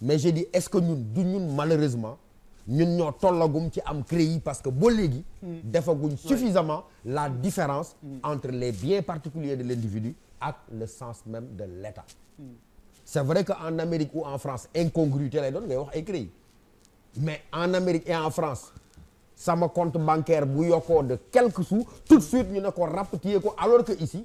mais j'ai dit est-ce que ñun du ñun malheureusement ñun ñoo tollagum ci am CREI parce que ba léegi mm. defaguñ suffisamment la mm. différence mm. entre les biens particuliers de l'individu ak le sens même de l'État c'est vrai que en Amérique ou en France incongruité lay doon ngay wax ay CREI mais en Amérique et en France sama compte bancaire bu yokkoo de quelques sous tout de suite ñu ne ko rapatrier ko alors que ici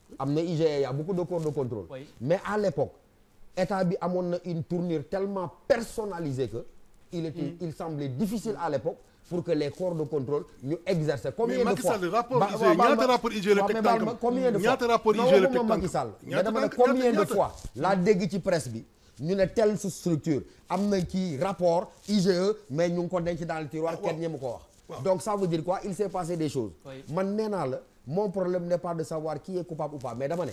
am na IGE y beaucoup de corps de contrôle mais à l'époque état bi amoon na une tournure tellement personnalisée que il était mm. il semblait difficile à l'époque pour que les corps de contrôle ñu exercer combien mais de fois ñaata rapport IGE rapport IGE la ne combien de dégg ci presse bi ñu ne telle structure am na ci rapport IGE mais ñu ngi ko denc dans le ah, kenn ñemu ko wax donc ça veut dire quoi il s'est passé des choses man nee naa la mon problème n'est pas de savoir qui est coupable ou pas mais dama ne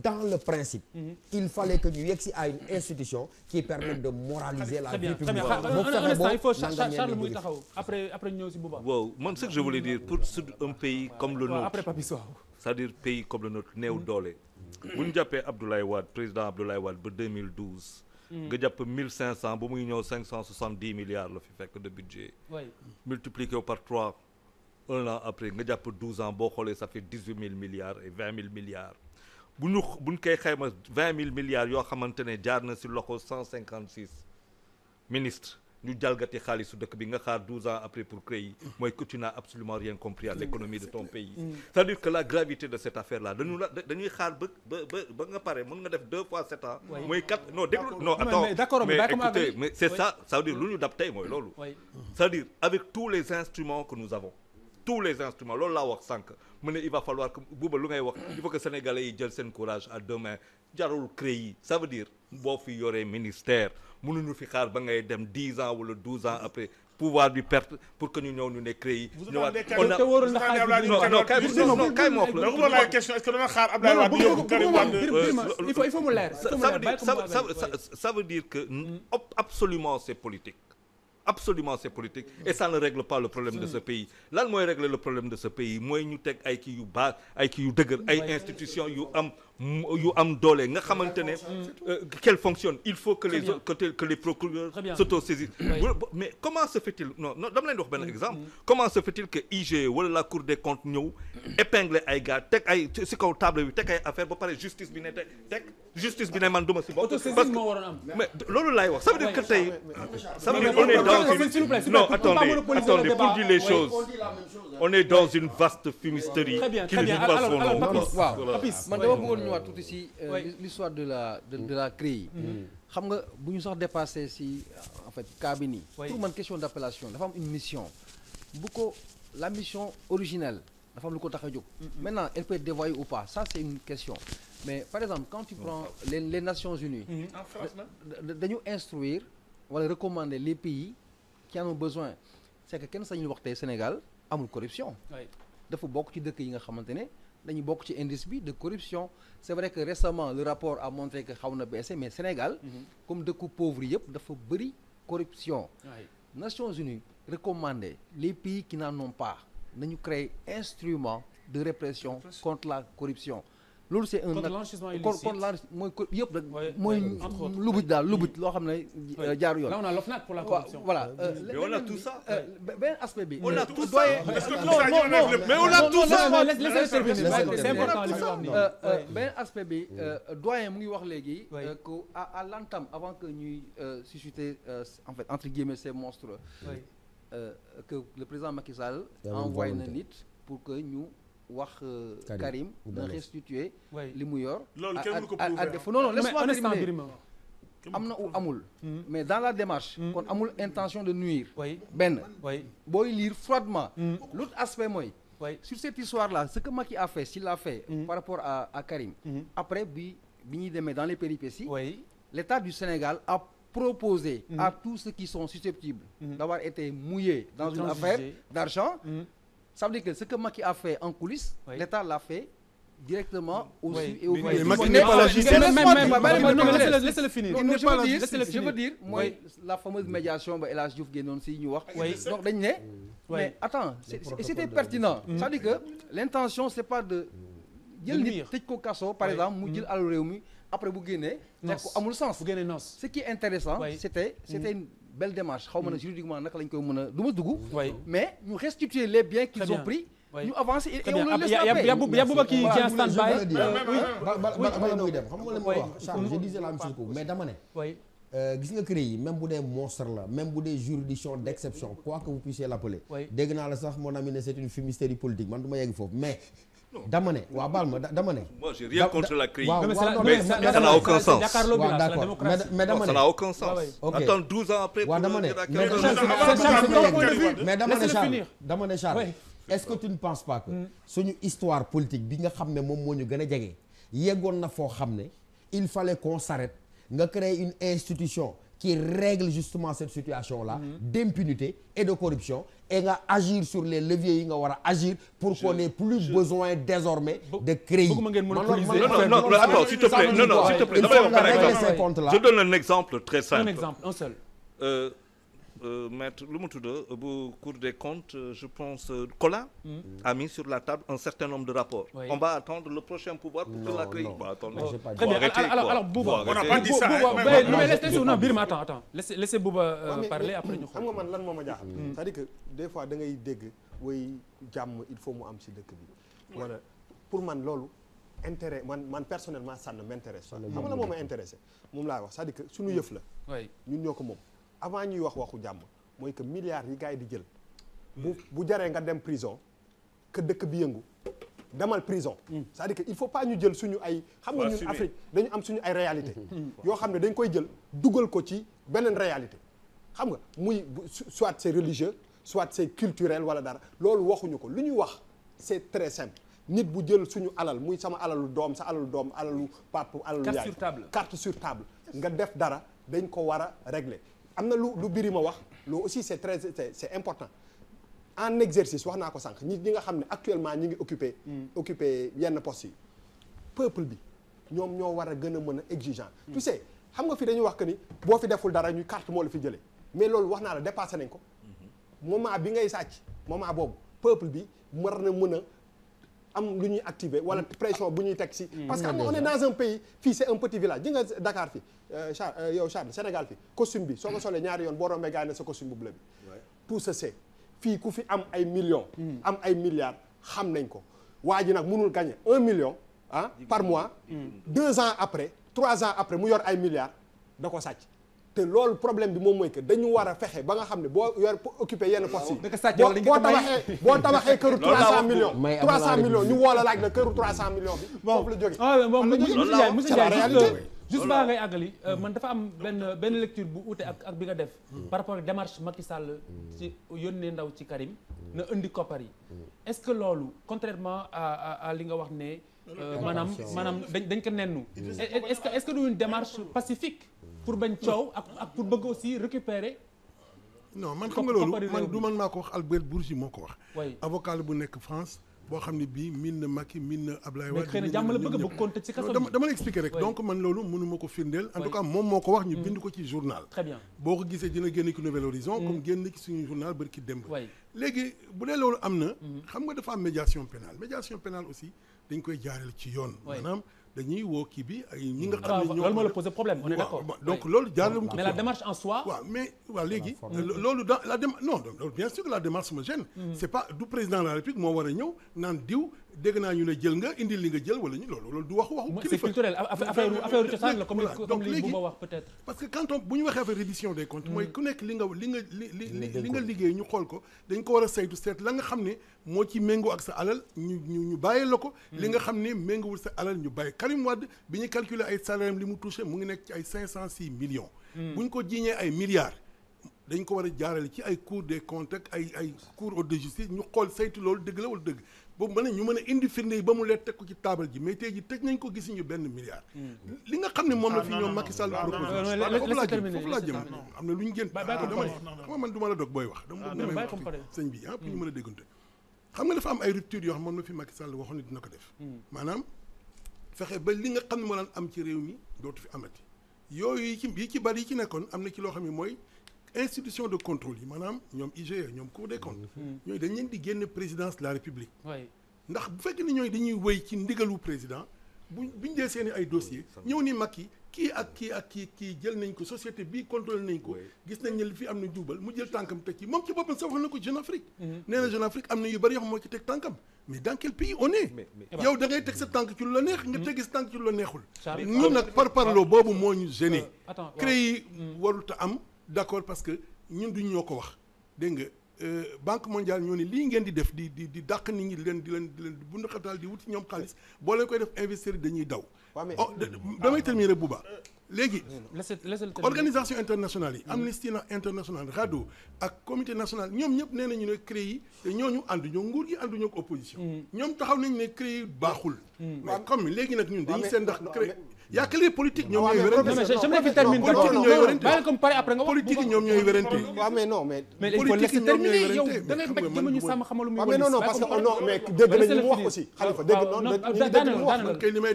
dans le principe. Mhm. il fallait que ñu yegg si une institution. qui permette de moraliser la vie publique. moom fexe boo il faut Charles muy taxaw après après ñëw si Bouba. waaw man ce que je voulais dire pour sud un pays comme le nôtre. après Papi Sow. c'est-à-dire pays comme le nôtre néew doole. Mhm. bu ñu jàppee Abdoulaye Wade président Abdoulaye Wade ba 2012. Mhm. nga jàpp 1500 ba muy ñëw 570 milliards la fi fekk de budget. multiplié par 3. un an après nga jàpp douze ans boo xoolee ça fait dix huit mille milliards et vingt mille milliards bu ñu bu ñu koy xayma vingt mille milliards yoo xamante ne jaar na si loxo cent cinquante six ministres ñu jalgati xaalisu dëkk bi nga xaar douze ans après pour créer mooy que tu n'as absolument rien compris a l'économie de ton pays c'est-à-dire que la gravité de cette affaire la dañuy xaar ba nga pare mën nga def deux fois sept ans mooy quatre non déglu non attends mais écoutez mais c'est ça ça veut loolu c'est-à-dire avec tous les tous les instruments lool laa wax sànq mu ne il va falloir que buuba lu ngay wax il faut que sénégalais yi jël seen courage à deux mains jarul créer yi ça dire boo fi yoree ministère mënuñu fi xaar ba ngay dem dix ans wala douze ans après pouvoir bi perte pour que ñu ñëw ñu ne créer yi. ñëwaat on a non non kay non kay moo wax la question est-ce que dama xaar Abdoulaye Wade yóbbu Karim Wade il faut il faut mu leer ça veut dire ça veut dire que absolument c'est politique absolument c'est politique et ça ne règle pas le problème de ce pays lan mooy régler le problème de ce pays mooy ñu teg ay kii yu baax ay kii yu dëgër ay institution yu am yu am doole nga xamante ne euh, qu'elle fonctionne il faut que les que les procureurs s'autosaisissent mais comment se fait-il non non dama leen di wax benn mm-hmm. exemple comment se fait-il que IG wala la cour des comptes ñëw épingle ay gars teg ay si kaw table bi teg ay affaire ba pare justice bi ne teg teg justice bi ne man duma si bokk parce que mais loolu laay wax ça veut dire que tey ça veut dire on est dans une non attendez attendez pour dire les choses on est dans une vaste fumisterie qui ne dit pas son nom waaw man dama bëggoon ñëwaat euh, tuuti si euh, l'histoire de la de, de la CREI mm-hmm. Mm-hmm. xam nga bu ñu sax dépassé si en fait cas bi nii pour man question d' appellation dafa am une mission bu ko la mission originelle dafa am lu ko tax a jóg mm-hmm. maintenant elle peut être dévoyée ou pas ça c' est une question mais par exemple quand tu prends les les Nations Unies en France dañu instruire wala recommander les pays qui en ont besoin c' que kenn sañul wax tey Sénégal amul corruption dafa bokk ci dëkk yi nga xamante ne dañu bokk ci indice bi de corruption c' est vrai que récemment le rapport a montré que xaw na baissé mais Sénégal mhm. comme dëkku pauvre yëpp dafa bëri corruption Nations Unies recommandé les pays qui n'en ont pas ñu créer instrument de répression contre la corruption loolu c'est un kon kon l'enrichissement mooy ko yëpp rek daal lubuj mm. loo xam ne euh, jaar yoon. là on a l'OFNAC pour la corruption. voilà euh, euh, mais on a tout ça. bi. on a tout ça est-ce bi doyen mu ngi wax léegi. que à à avant que ñuy susciter en fait entre guillemets ces monstres. que le président Macky envoyé na pour que ñu. wax euh, Karim na restituer li mu yor loolu kenn du ko prouver non non laisse am na amul hmm. mais dans la démarche hmm. kon amul intention de nuire benn booy lire froidement hmm. l'autre aspect mooy sur cette histoire là ce que Macky a fait s'il l'a fait par rapport à Karim après bi bi ñuy demee dans les péripéties l'État du Sénégal a proposé à tout ceux qui sont susceptibles d'avoir été mouillés dans une affaire d'argent ça veut dire que ce que Macky a fait en coulisses oui. l'État l'a fait directement au oui. et au mais Macky n'est pas la justice laissez-le finir je veux dire mooy la fameuse médiation ba El Hadj Diouf génnoon si ñu wax donc dañ ne mais attends c'était pertinent ça veut dire que l'intention c'est pas de jël nit tëj ko kaso par exemple mu jël mm. alalu réew mi après bu génnee nekk amul sens bu génnee noos ce qui est intéressant c'était mm. belle démarche xaw ma ne mm. juridiquement naka lañ koy mën a du ma dugg. mais ñu restituer les biens qu'ils ont pris. ñu avancer et on le ah, laisse après. y'a muy dem xam nga la ma wax Charles je disais la même chose mais dama ne. Euh, gis nga CREI yi même bu dee monstre la même bu dee juridiction d'exception quoi que vous puissiez l'appeler. dégg naa la sax mon ami ne c'est une fumisterie politique man du yegg foofu mais. dama ne waaw baal ma dama ne. moi j'ai rien contre la mais ça n'a aucun ah mais dama ne. ça mais dama ne Charles est-ce que tu ne penses pas que. Mm. suñu histoire politique bi nga xam ne moom moo ñu gën a jege. yeggoon na foo xam ne il fallait qu'on s'arrête nga créer une institution. qui règle justement cette situation-là mm -hmm. d'impunité et de corruption et nga agir sur les leviers yi nga war a agir pour qu'on ait plus je... besoin désormais de créer non non non attends s'il te plaît exemple je donne un exemple très simple un exemple un seul euh, Euh, maître lu mu tudd euh, bu Cour des comptes euh, je pense Collin mm. mm. a mis sur la table un certain nombre de rapports on va attendre le prochain pouvoir pour que la CREI très bien alors alors Bouba on parler après xam nga man lan moo ma jaaxal mm. cest à que des fois da ngay dégg way jàmm il faut mu am si dëkk bi wala pour man loolu intérêt man man personnellement ça ne m'intéresse pas xam nga la moo ma intéressé moom laa wax c'est-à-dire yëf la ñun ñoo ko moom avant ñuy wax waxu jàmm mooy que milliards yi gars yi di jël bu bu jaree nga dem prison que dëkk bi yëngu demal prison hmm. c'est-à-dire il faut pas ñu jël suñu ay xam nga ñun Afrique dañu am suñu ay réalité hmm. hmm. yoo xam ne dañ koy jël dugal ko ci beneen réalité xam nga muy soit c'est religieux soit c'est culturel wala dara loolu waxuñu ko lu ñuy wax c'est très simple nit bu jël suñu alal muy sama alalu doom sa alalu doom alalu pap alalu yaay carte sur table nga def dara dañ ko war a régler am na lu lu biri Birima wax loo aussi c'est très c'est important en exercice wax naa ko sànq ñi ñi nga xam ne actuellement ñi ngi occupé hmm. occupé yenn postes yi peuple bi ñoom ñoo war a gën a mën a exigeant hmm. tu sais xam nga fi dañuy wax que ni boo fi deful dara ñu carte moo la fi jëlee mais loolu wax naa la dépassé nañ ko hmm. moment bi ngay sàcc moment boobu peuple bi war na mën a am lu ñuy activé wala mm. pression bu ñuy teg si mm. parce que am mm. on est dans un pays fii c'est un petit village ji nga Dakar fii euh, Char euh, yow Charles Sénégal fii costume bi soo ko solee ñaari yoon boo rombee gars yi ne sa costume bu bleu bi tout ça c'est fii ku fi am ay million am ay milliards xam nañ ko waa ji nag munul gagner un million ah par mois deux ans après trois ans après mu yor ay milliards da ko sàcc te loolu problème bi moom mooy que dañu war a fexe ba nga xam ne boo yor occupé yenn poste yi boo tabaxee boo tabaxee këru 300 millions 300 ñu woo la laaj la këru 300 millions bi foofu la jóge ah bon monsieur Ndiaye juste baa ngay àggali euh, man dafa am benn benn lecture bu uute ak ak bi nga def par rapport ak démarche Macky Sall ci yónnee ndaw ci Karim na indi koppar yi est-ce que loolu contrairement à li nga wax ne euh, maanaam maanaam dañ dañ ko nennu est-ce que est-ce que du une démarche pacifique pour bañ coow ak pour bëgg aussi récupérer non man xam nga loolu man du man maa ko wax Albert Bourgi moo ko wax. avocat la bu nekk France boo xam ne bii miin na Macky miin na Ablaye Wade. xëy na jàmm la bëgg bëgg contexte ci kaso dama dama rek. donc man loolu mënu ma ko firndeel. en tout cas moom moo ko wax ñu mm. bind ko ci journal. très bien boo ko gisee dina génn ci Nouvel Horizon. Mm. comme génn ci suñu journal bari ki démb. léegi bu dee loolu am na. Mm-hmm. xam nga dafa am médiation pénale médiation pénale aussi dañ koy jaarale ci yoon. maanaam. dañuy woo kii bi ay ñi nga xam ne ñoo loolu moo la posé problème on donc loolu jaarale ko mais la démarche en soi mais loolu dans la démarche non loolu bien sûr que la démarche me gêne mm. c'est pas du président la république moo war a ñëw diw dégg naa ñu ne jël nga indi li nga jël wala ñu loolu loolu du wax waxu kilifa c'est culturel affaire la comme li bu wax peut-être parce que quand on bu mooy mm. ku nekk li nga liggéey ñu xool ko dañ ko war a saytu seet la nga xam ne moo ci méngoo ak sa alal ñu ñu ñu la ko mm. li nga xam ne méngoowul sa alal ñu bàyyi Karim Wade bi ñu calculer ay salaire am li mu touché mu ngi nekk ci ay cinq cent six millions mm. bu ñu ko jiiñee ay milliards dañ ko war a jaarale ci ay cours de comptes ak ay ay cours de ñu xool saytu loolu dëgg la dëgg boobu mën na ñu mën a indi firnde yi ba mu leer teg ko ci taabal ji mais tey ji tëj nañ ko gisuñu benn milliard. Hmm. li nga xam ne moom la fi ah, ñoom Macky am na lu ñu génn dama man du ma la dog booy wax dama damay ah, ah, hmm. a am ay rupture yoo xam moom la fi Macky Sall waxoon ne dina ko def hmm. maanaam fexe ba li nga xam ne moo daan am ci réew mi dootu fi amati yooyu yi ci yi ci bari yi ci nekkoon am na ci loo xam ne mooy institution de contrôle yi maanaam ñoom IGE ñoom Cour des mhm. leen di génn présidence de la République. ndax bu fekkee ne ñooy dañuy wéy ci ndigalu président bu buñ dee seen ay dossiers ñëw ni Macky kii ak kii ak kii kii jël nañ ko société bii contrôlé nañ ko gis nañ ne li fi am na juubal mu jël tànkam teg ci moom ci boppam sax wax na ko Jeune Afrique mhm. nee na Jeune Afrique am na yu bëri yoo moo ci teg tànkam mais dans quel pays on est yow da ngay teg sa tànk ci lu la neex nga mhm. tegi sa tànk ci lu la neexul ñun nag par parloo boobu moo ñu gêné créé warul ta am d'accord parce que ñun duñ ñoo ko wax dégg nga euh, banque mondiale ñoo ne lii ngeen di def di di di dàq nit ñi di leen di leen di leen bund xatal di wuti ñoom xaalis boo leen koy def investir dañuy daw. oh damay terminer bu baax euh, léegi. organisation internationale yi. Amnesty International RADDHO ak comité national ñoom ñëpp nee nañu ne CREI te ñooñu ànduñu nguur gi ànduñu ak opposition. Mm. ñoom taxaw nañu ne CREI baaxul. Mm. mais comme léegi nag ñun dañuy seen ndax CREI. y a que les ñoom ñooy wérante politique ñoom ñooy wérante waaw mais non mais politique ñoom ñooy wérante da ngay bañ dama ñu sàmm xamalu mm. muy mais non non parce que non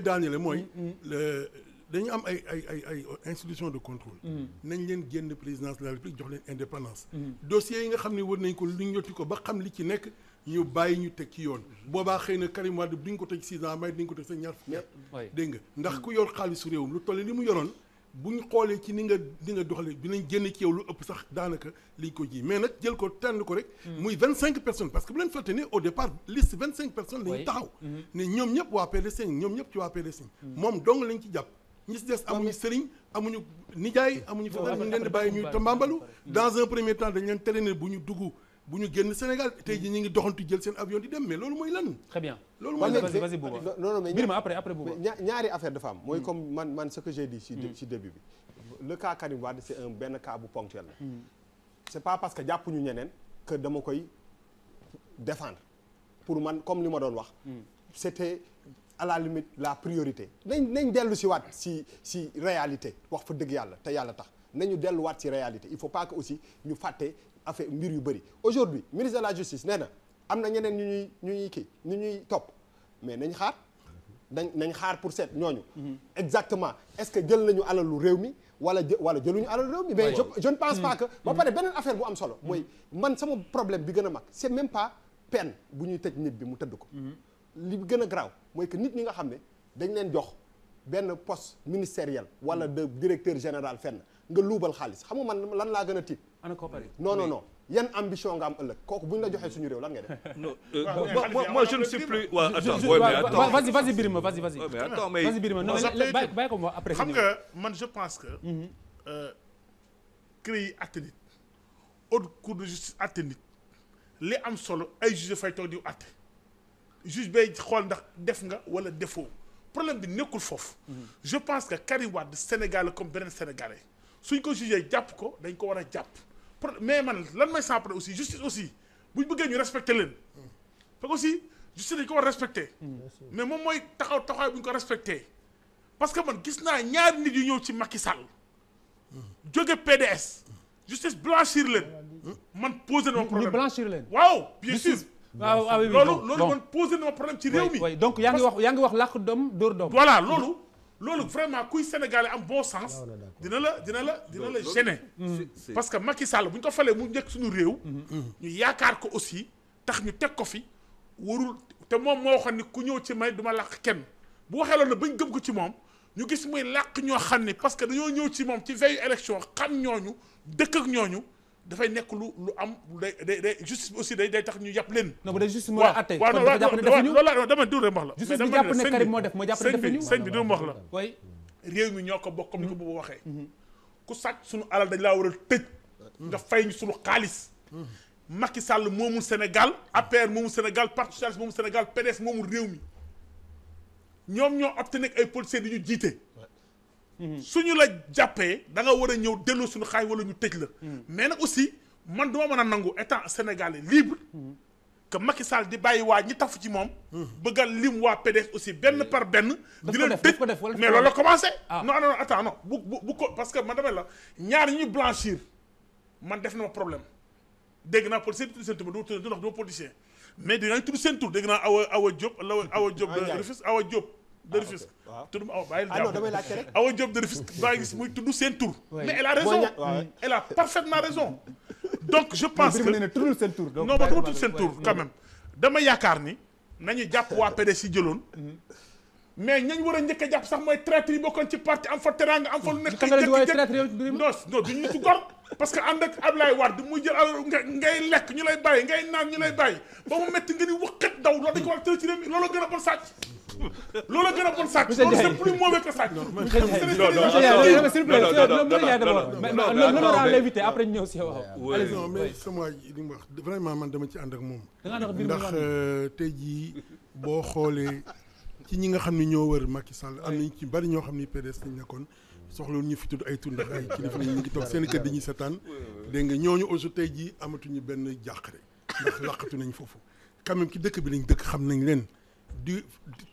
dañu am ay ay ay institution de contrôle mm. nañ leen génn présidence de la république jox leen indépendance mm. dossiers yi nga xam ne war nañ ko li ñotti ko ba xam li ci nekk ñu bàyyi ñu teg ci yoon boobaa xëy na Karim Wade duñ ko teg six ans may duñ ko teg sax ñaar fukki at dégg nga ndax ku yor xaalisu réewum li mu yoroon buñ xoolee ci ni ko ji mais ko tànn ko rek hmm. muy vingt cinq personnes que bu leen fàtte ne au départ liste vingt cinq personnes lañu taxaw hmm. ne ñoom hmm. moom dong lañ ci jàpp ñi si des amuñu sëriñ amuñu nijaay amuñu fa ñu leen di bàyyi ñuy tambambalu dans un premier temps dañ leen tere bu ñu duggu bu ñu génn Sénégal tey jii ñu ngi doxantu jël seen avion di dem mais loolu mooy lan. très bien loolu mooy lan vas-y Bouba non non mais Birima après ñaari affaire de femme mooy hmm. comme man man ce que j'ai dit. ci ci hmm. début bi. le cas Karim Wade c'est un benn cas bu ponctuel la. Hmm. c'est pas parce que ñu ñeneen que dama koy défendre pour man comme li ma doon wax. c'était à la limite la priorité. nañ nañ dellu si waat si si réalité wax fa dëgg yàlla te yàlla tax nañu delluwaat si réalité il faut pas que aussi ñu fàtte. affaire mbir yu bëri aujourd'hui ministre de la justice nee na am na ñeneen ñu ñuy ñu ñuy kii ñu ñuy topp mais nañ xaar dañ nañ xaar pour seet ñooñu mhm. exactement est-ce que jël nañu alalu réew mi wala wala jëluñu alalu réew mi mais je ne pense mhm. que ba pare mhm. beneen affaire bu am solo mooy man sama problème bi gën a mag c'est même pas peine bu ñu tëj nit bi mu tëdd ko li gën a garaaw mooy que nit ñi nga xam ne dañ leen jox benn poste ministériel wala de directeur général fenn nga luubal xaalis xam nga man lan laa gën a tiit. ana koppar yi non non non yan am ëllëg la joxee suñu réew lan ngay def. non euh, moi je ne suis plus. waaw attends oui mais attends vas-y vas pense que. Mhm. Euh, CREI yi àtte nit haute cour justice àtte nit li am solo ay juge fay toog di àtte juge bay xool ndax def nga wala defoo problème bi nekkul foofu. Mhm. je pense que Karim Wade Sénégal comme beneen Sénégalais. suñ ko jugee jàpp ko dañ ko war a jàpp mais man lan may sans aussi justice aussi buñ bëggee ñu respecté leen fekk aussi justice dañ ko war a respecté mais moom mooy taxaw taxawaay bu ñu ko respecté parce que man gis naa ñaar nit yu ñëw ci makki sal jóge PDS justice blanchir leen man posé na ma problème ñu blanchir leen waaw bien sûr waaw ah, ah waaw loolu loolu man posé na ma problème ci réew mi donc yaa ngi wax yaa ngi wax làkk doom dóor doom voilà loolu loolu vraiment kuy sénégal sénégalais am bon sens ah, dina la dina la dina la gêner parce que Macky Sall bu ñu ko falee mu njëkk suñu réew mm-hmm. Mm-hmm. ñu yaakaar ko aussi tax ñu teg ko fi warul te moom moo waxoon ni ku ñëw ci may duma làq kenn bu waxee loolu bañ gëm ko ci moom ñu gis muy làq ñoo xam ni parce que dañoo ñëw ci moom ci veille élection xam ñooñu dëkk ak ñooñu dafay nekk lu lu am day day day justice aussi day day tax ñu jàpp leen. non bu dee justice moo atte. kon dafa jàpp ne dafa ñu wax la. justice bi jàpp ne Karim moo def moo jàpp ne dafa ñu sëñ bi dund wax la. réew mi ñoo ko bokk comme ni ko boobu waxee. Mm-hmm. ku sàcc suñu alal dañ laa war a tëj. nga fay ñu suñu xaalis. Mm-hmm. Macky Sall moomul Sénégal APR moomul Sénégal Parti socialiste moomul Sénégal PDS moomul réew mi ñoom ñoo opté nekk ay policiers di ñu jiite. Mhm. su ñu la jàppee da nga war a ñëw delloo suñu xaay walla ñu tëj la. Mhm. mais nag aussi man duma mën a nangu étant sénégalais libre. Mhm. que Macky saal di bàyyi waa ñi tafu ci moom. bëgg a lim waa PDS aussi benn par benn. di leen tëj mais loolu la commencé. Ah. non non non attends non bu bu ko parce que man damay la ñaar ñu blanchir man def na problème dégg naa policier di tudd seen tur mais dinañ tudd seen tur dégg naa Awa Awa Diop Awa Diop. Rufisque Awa Ah, ah. oh, ah, de Rufisque tuddum aw bàyyil ah non damay laajte rek Awa Diop de Rufisque baa gis muy tudd seen tur a raison elle a parfaitement raison donc je pense que ne tuddul dama yaakaar ni nañu jàpp waa PDS yi jëloon mhm. mais ñañ war a njëkk a jàpp sax mooy traître yi bokkoon ci parti am fa teraanga am fa lu nekk. xëy na non non du ñu nitu gor. parce que ànd ak Ablaye Wade muy jël alal nga ngay lekk ñu lay bàyyi ngay naan ñu lay bàyyi ba mu métti nga ni wëqat daw loolu dañ ko war a tëj ci réew mi loolu gën a bon loolu gën mu wax vraiment man dama ci ànd ak moom. ndax euh, tey jii boo xoolee ci ñi nga xam ne ñoo wër Macky Sall am nañu ci bari ñoo xam ni PDS lañ nekkoon soxla ñu fi tudd ay tur ndax ay kilifa ñu ngi toog seen kër dañuy setaan dégg nga ñooñu aussi tey jii amatuñu benn jàqare ndax laqatu nañ foofu quand même ci dëkk bi lañ dëkk xam nañ leen du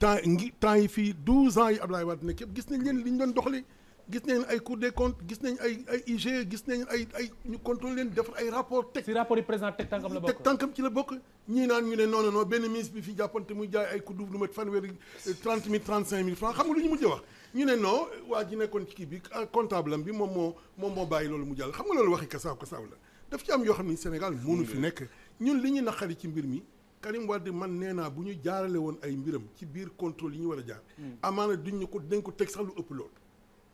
temps ngi temps yi fii douze ans yi Ablaye Wade nekk yëpp gis nañ leen li ñu doon doxalee gis nañ ay cour des comptes gis nañ ay ay IG gis nañ ay ay ñu leen defar ay rapport teg si rapport yi président teg tànkam la bokk teg ci la bokk ñii naan ñu ne non non benn ministre bi fi jàppante muy jaay ay kuddu lu mat fanweeri euh, trente mille trente cinq mille francs xam nga lu ñu mujj wax ñu ne non waa ji nekkoon ci kii bi ah, comptable am bi moom moo moom moo bàyyi loolu mu jàll xam nga loolu waxi kasaaw kasaaw la daf ci am yoo xam ni Sénégal mënu fi nekk ñun li ñu ci mbir mi man nee naa bu ñu jaarale woon ay mbiram ci biir contrôle yi ñu war a jaar hmm. amaana duñ ñu teg sax ëpp loolu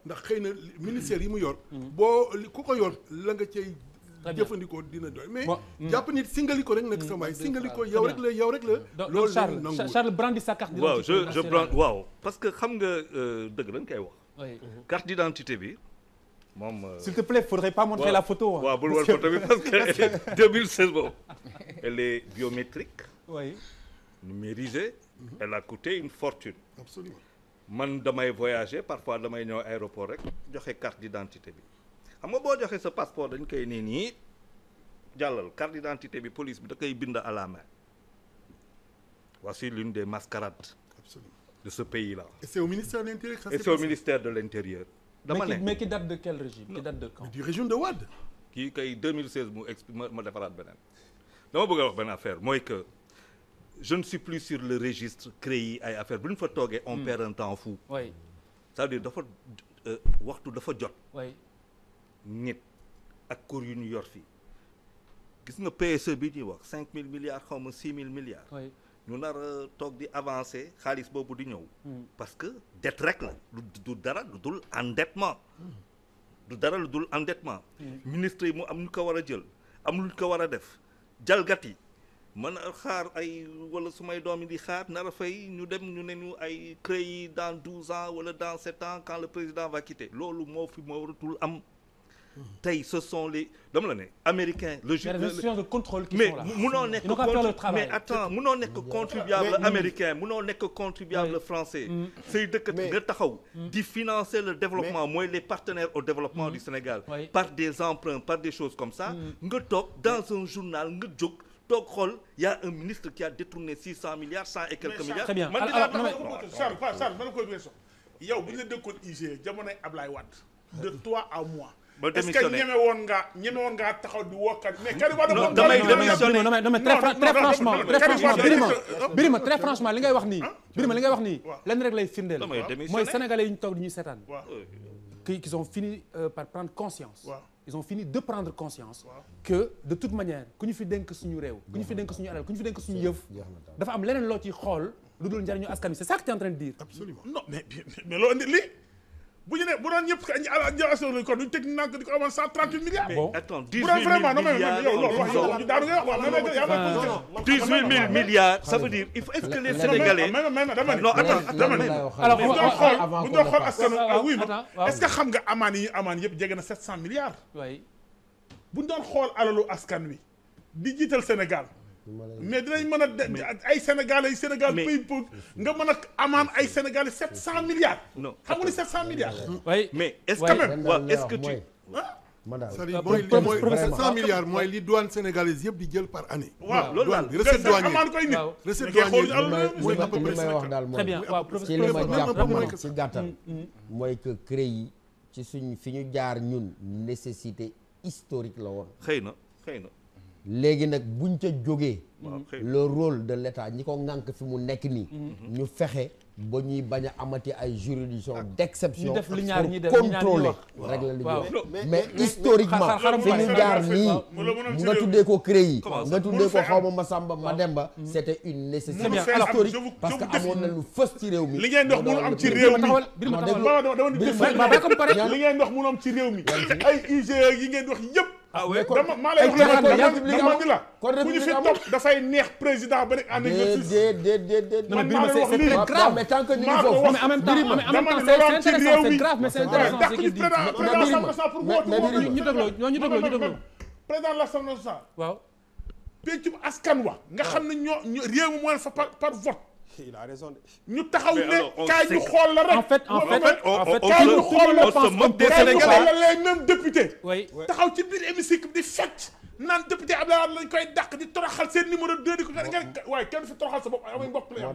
ndax xëy na ministère yi mu yor. Mhm. boo ku ko yor la nga cay. jëfandikoo dina doy mais. Mhm. jàpp nit singali ko rek nag mhm. sama waay singali ko yow rek la yow rek la. loolu Charles Charles brandi sa carte d'identité waaw je waaw parce que xam nga euh, dëgg lañ koy wax. carte d'identité bi. moom euh, s'il te la photo. waaw bul wal photo bi parce que 2016 boobu. elle est biométrique. numérisée. elle a coûté une fortune. man damay voyager parfois damay ñëw aéroport rek joxe carte d'identité bi xam nga boo joxe sa passeport dañ koy nii nii jàllal carte d'identité bi police bi da koy bind à la main voici l'une des mascarades absolument de ce pays la et c'est au ministère de l'intérieur que dama ne mais qui date de quel régime qui date de quand du régime de Wade kii kay mu exp ma defaraat beneen dama bëgg wax benn affaire mooy que jeune ne suis plus sur le registre créé ay affaire bu ñu fa toogee. on mm. perd temps fou. oui c'est-à-dire dafa euh, waxtu dafa jot. oui nit ak kóor yu ñu yor fi gis nga PSE bi ñuy wax cinq mille milliards xaw ma six mille milliards. oui ñu nar a toog di avancer xaalis boobu di ñëw. Hmm. parce que dette rek la du dara du dul endettement. Hmm. du dara lu dul endettement. Hmm. ministre yi mu am ñu ko war a jël am lu ko war a def jalgati. mën a xaar ay wala su doom yi di xaar nar a fay ñu dem ñu ne ñu ay CREI dans douze ans wala dans sept ans quand le président loolu moo fi moo waratul am tey ce sont les dama la ne américain le juge de contrôle qui sont là mais munoo nekk mais attends munoo nekk contribuable américain munoo nekk contribuable français mm. say dëkkat nga taxaw mm. di financer le développement mooy les partenaires au développement mm. du Sénégal par des emprunts par des choses comme ça nga toog dans un journal nga jóg toog xool y' a ministre qui a détourné six cent milliards cent et quelques milliards. très bien man ah, dinaa ah, taxaw Sarr man koy weesoo yow bu ñu la dëkkoon IG jamonoy Ablaye Wade. de toi à moi. ba démissionné est que ñeme woon ngaa ñeme woon ngaa taxaw di wokkat mais Karim Wade damay très franchement très franchement Birima très franchement li ngay wax nii. Ah? Birima li ngay wax nii. lenn rek lay firndeel. mooy sénégalais yi ñu toog di ñuy seetaan. qu'ils ont fini euh, par prendre conscience. waaw ils ont fini de prendre conscience. waaw que de toute manière ku ñu fi dénk suñu réew. ku ñu fi dénk suñu alal ku ñu fi dénk suñu yëf. dafa am leneen loo ciy xool lu dul njariñu askan wi c'est ça que tu es en train de dire. absolument non mais mais loo indi lii. bu ñu ne bu doon ñëpp ñëpp kon duñu teg nànk di ko amoon cent trente huit milliards. Ah bon bu doon vraiment non mais yow loolu wax yow daanu ngay wax mais yaa ma position. dix huit mille milliards ça veut dire il faut est-ce que les Sénégalais. dama ne non attends dama ne. alors bu ñu doon xool bu ñu doon xool askanu wuy ma est-ce que xam nga amaan yi amaan yëpp jege na sept cent milliards. waay bu ñu doon xool alalu askan wi di jiital Sénégal. mais dinañ mën a ay Sénégalais ay Sénégal pays pauvre nga mën a amaan ay Sénégalais sept cent milliards. non xam nga ni sept cent milliards. waay mais est-ce que même waaw est-ce que tu. ma daal mooy mooy 700 milliards mooy li douane sénégalaise yëpp di jël par année. waaw loolu daal recette douanière waaw recette douanière mooy à peu près may wax daal mooy. ci li ma jàpp man ci gàttal. mooy que CREI yi ci suñ fi ñu jaar ñun nécessité historique la woon. xëy na xëy na. léegi nag buñ ca jógee le rôle de l'état ñi ko ŋànk fi mu nekk nii ñu fexe ba ñuy bañ a amati ay juridiction d'exception pour contrôler rek la li mais historiquement fi ñu jaar nii nga tuddee ko CREI nga tuddee ko xawma Masamba Mademba c'était une nécessité historique parce que amoon na lu fës ci réew mi li ngeen dox mënu am ci réew mi dama dama li ngeen dox mënu am ci ay UGE yi ngeen dox yëpp ah, ah oui dama maa lay wax ne la ku ñu fi topp dafay neex président ba nekk en exercice. déedéet déedéet man maa lay wax lii c'est grave mais tant que ñu ngi foofu mais en même temps en même temps c'est intéressant c'est grave mais c'est intéressant ce qu'il dit mais ñu dégloo ñoo ñu dégloo ñu dégloo président de l'Assemblée nationale waaw pencum askan wa nga xam ne ñoo réew mi moo leen fa par par vote il a raison ñu taxaw ne kaay ñu xool la rek. en fait en fait en fait kaay ñu xool xool la les mêmes députés. oui taxaw ci biir hémicycle di fecc. naan député Abdoulaye Wade lañ koy dàq di toroxal seen numéro 2 di ko. waaye kenn fi toroxal sa bopp ay bopp la yow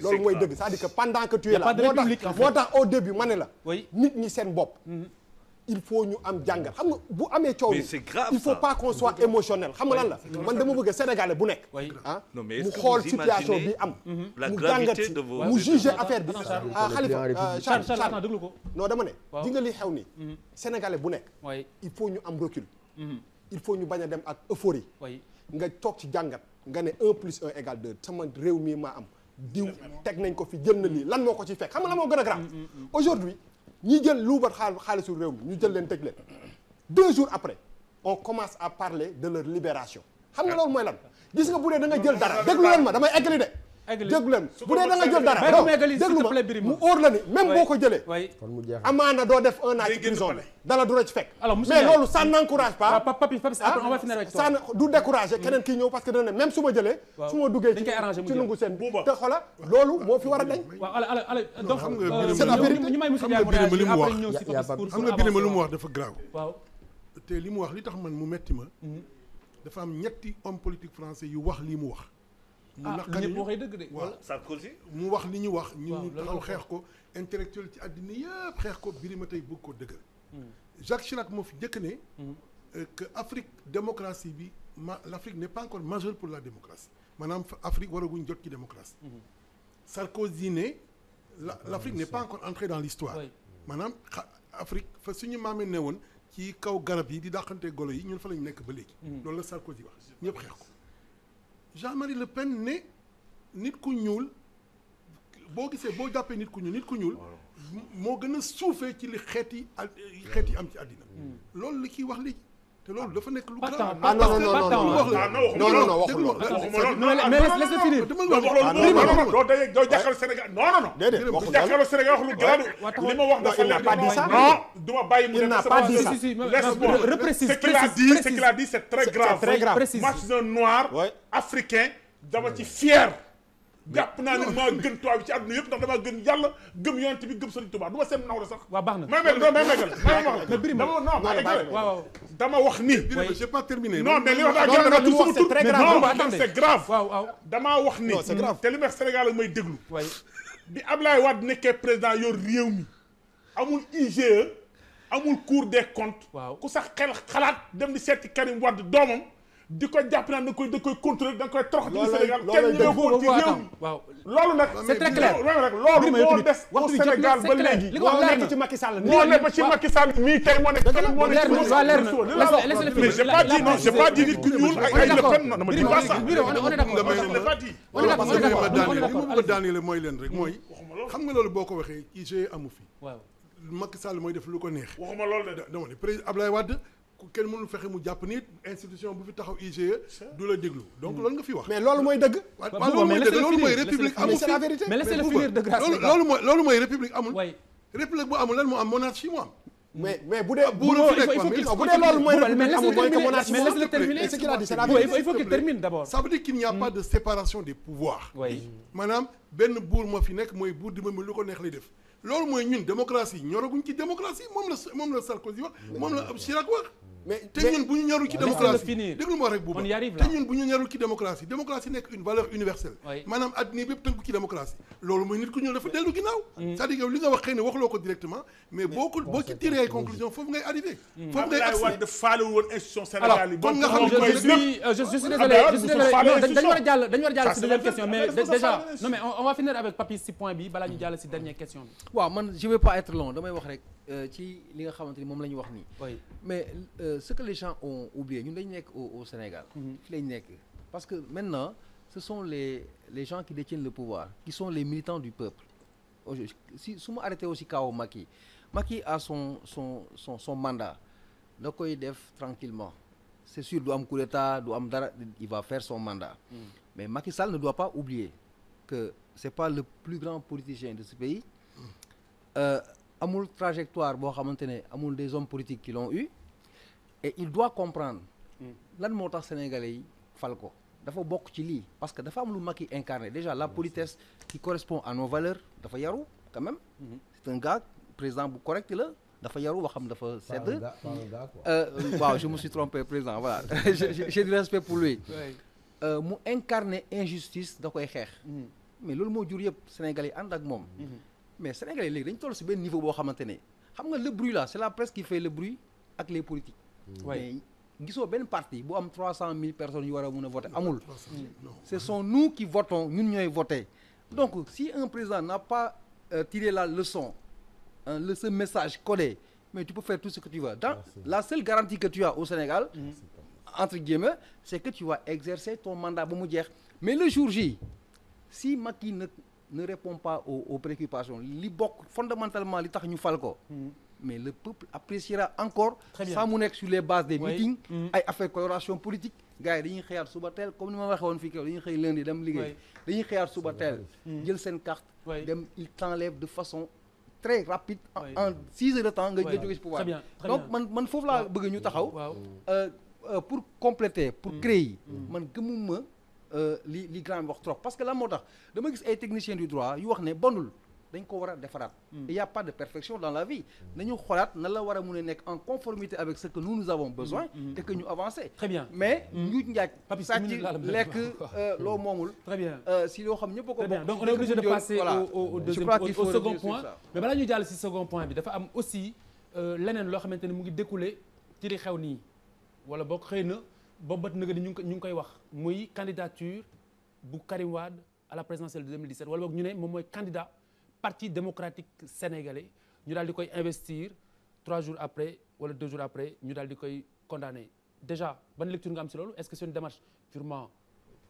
loolu mooy dëgg c'est-à-dire que pendant que tu es là moo tax moo tax au ma ne la nit ñi seen bopp mm-hmm. il faut ñu am jàngat xam nga bu amee coow il faut ça. pas qu'on émotionnel xam nga lan la man dama bëgg sénégalais bu nekk ah mu xool situation bi am mm-hmm. mu jàngat si mu juger affaire bi xalifa ah, ah, Charles Charles déglu ko non dama ne di nga li xew nii mm-hmm. sénégalais bu nekk il faut ñu am recul il faut ñu bañ a dem ak euphorie nga toog ci jàngat nga ne un plus un égale deux sama réew mii maa am diw teg nañ ko fi jël na lii lan moo ko ci fekk xam nga lan moo gën a grave mm, mm, mm. aujourd'hui ñi jël luubat xaal xaalisu réew mi ñu jël leen tëj leen deux jours après on commence à parler de leur libération xam nga loolu mooy lan gis bu dee da jël dara déglu leen ma damay eggli de déglu bu dee da jël dara déglu ma mu óor la ni même boo ko jëlee amaana doo def un an ci dala du la fekk mais loolu ça n'encourage pas ah, ça du décourager keneen kii ñëw parce que dana ne même su ma jëlee su ma duggee ci ci nangu seen te xoola loolu moo fi war a dañ donc xam nga Birima li mu wax dafa grave te li mu wax li tax man mu metti ma mhm. dafa am ñetti homme politique français yu wax li mu wax mu ah, naqari ñëpp waxee dëgg de. waaw Sarkozy mu wax li ñu wax. ñun ñu taxaw xeex ko. intellectuel ci àddina yëpp xeex ko birima tey bëgg ko dëggal. Hmm. Jacques Chirac moo fi njëkk ne. Hmm. Euh, que Afrique démocratie bi ma l' Afrique n' est pas encore pour la démocratie maanaam Afrique waraguñ jot ci démocratie. Hmm. Sarkozy ne. la l' Afrique n' est pas encore entrée dans l'histoire maanaam Afrique fa suñu maamee ne woon ci kaw garab yi di dàqante golo yi ñun fa lañ nekk ba léegi. loolu la Sarkozy wax ñëpp xeex ko. Jean-Marie Le Pen ne nit ku ñuul boo gisee boo jàppee nit ku ñuul nit ku ñuul moo gën a suufee ci li xeet yi xeet yi am ci àddina hmm. loolu li kiy wax léegi te loolu dafa nekk lu grave. ah non non non non non non waxul loolu. mais laisse finir. doo day doo jàkkaarloo Sénégal non non non. déedéet waxul dara jàkkaarloo Sénégal wax lu grave. li ma wax dafa leer non du ma bàyyi mu ne. laisse-moi reprécise ce qu'il a dit ce qu'il a dit c'est très grave. c'est très grave moi je suis un noir africain dama ci fier. jàpp naa ne maa gën tubaab yi ci yëpp ndax damaa gën yàlla gëm yonent bi gëm Sëriñ Tuubaa ma seen naw la sax waaw baax na may mel non may megal may wax la dama non waaw dama wax ni j'ai pas terminé non mais li wax daa grave tout sama tur non c'est grave waaw wax ni te li may wax amul IGE amul cour des comptes ku sax xel xalaat dem di seeti Karim Wade doomam di ko jàpp naan da koy da koy kenn ñëwee ko ci loolu nag c'est très loolu moo ba na ci Macky Sall moo nekk ci Macky Sall mii tey moo nekk moo nekk leer na mais j'ai pas dit non j'ai pas dit nit ku ñuul ak ay le fen non a daanele mooy leen rek mooy xam loolu boo ko waxee IG amu fi waaw Macky mooy def lu ko neex waxuma loolu de kenn mënul fexe mu jàpp nit institution bu fi taxaw IGE du la déglu donc loolu nga fi wax mais loolu mooy dëgg loolu mooy république amul république bu amul lan moo am monarchie moo am mais bu dee loolu mooy république terminer ce qu'il a dit c'est la vérité il faut qu'il termine d'abord hmm. mooy buur di moom lu ko neex lay def loolu mooy ñun démocratie ñoraguñ ci démocratie moom la Sarkozy wax moom la Chirac wax mais te ñun bu ñu ñorul ci démocratie démocratie nekk une valeur universelle maanaam addina bépp tënku ci démocratie loolu mooy nit ku ñuul dafa dellu ginnaaw mm. cest à li nga wax xëy na waxloo ko directement mais boo ko boo ci tiré ay conclusion foofu ngay arrivé mm. foofu ngay agsi euh, ah, dañu war jàll si deuxième question mais déjà non mais on va finir avec Papy si point bi balaa ñu jàll si dernière question bi waaw man je vais pas être long damay wax rek euh, ñu wax ce que les gens ont oublié ñun nekk au Sénégal. Mhm. parce que maintenant ce sont les les gens qui détiennent le pouvoir qui sont les militants du peuple. si su ma arrêté aussi kaw Macky Macky a son son son son mandat da koy def tranquillement c'est sûr du am coup d'état du am dara il va faire son mandat. Mm. mais Macky Sall ne doit pas oublier que c'est pas le plus grand politicien de ce pays. Mhm. Euh, amul trajectoire boo xamante ne amul des hommes politiques qui l'ont eu. et il doit comprendre mm. lan moo tax sénégalais yi fal ko dafa bokk ci lii parce que dafa am lu Macky incarné déjà la politesse qui correspond à nos valeurs dafa yaru quand même mm-hmm. c'est un gars président bu correct la dafa yaru xam dafa sedd euh, euh, waaw je me suis trompé président voilà j'ai du respect pour lui euh, mu incarné injustice da koy xeex mm. mais loolu moo jur yëpp sénégalais yi ànd ak moom mm-hmm. mais sénégalais léegi dañu toll si benn niveau boo xamante ne xam nga le bruit la presse qui le bruit Mm. mais gisoo benn parti bu am trois cent mille personnes yu war a mun a voter amul ce sont nous qui votons ñun ñooy voter donc si un président n'a pas euh, la leçon hein, le ce message codé mais tu peux faire tout ce que tu veux dans la seule garantie que tu as au Sénégal Merci. Mm. entre guillemets c'est que tu vas exercer ton mandat ba mu jeex mais le jour ji si Macky ne ne répond pas aux, aux préoccupations li bokk fondamentalement li tax ñu fal ko mm. mais le peuple appréciera encore. sans mu nekk sur les bases des meetings. Mm. ay affaire coloration politique. gars yi dañuy xëyaat suba teel comme ni ma waxee woon fii kaw dañuy xëy lundi dem liggéey. dañuy xëyaat suba teel. Mm. jël seen carte. dem il t'enlève de façon. très rapide en six heures de temps nga jóge ci pouvoir donc man man foofu laa bëgg ñu taxaw euh, euh, pour compléter pour mm. créer yi man gëmuma euh, li li grand wax trop parce que lan moo tax dama gis ay techniciens du ne dañ ko war a defaraat hmm. a pas de perfection dans la vie nañu xoolaat na la war a mun a nekk en conformité avec ce que nous nous avons besoin hmm. hmm. te que ñu avancer mais njuuj njaaj sàcc lekk euh, loo moomul très bien euh, si loo xam ñëpp a ko bokk donc on est obligé de jàll si second point bi dafa am aussi euh, leneen loo xamante ne mu ngi découlé ci li xew nii wala boog xëy na boobat na nga ni ñu ngi koy wax muy candidature bu Karim Wade à la présidentielle de 2017 ne moom mooy candidat parti démocratique sénégalais ñu daal di koy investir trois jours après wala deux jours après ñu daal di koy condamné déjà ban lecture nga am si loolu est-ce que c'est une démarche purement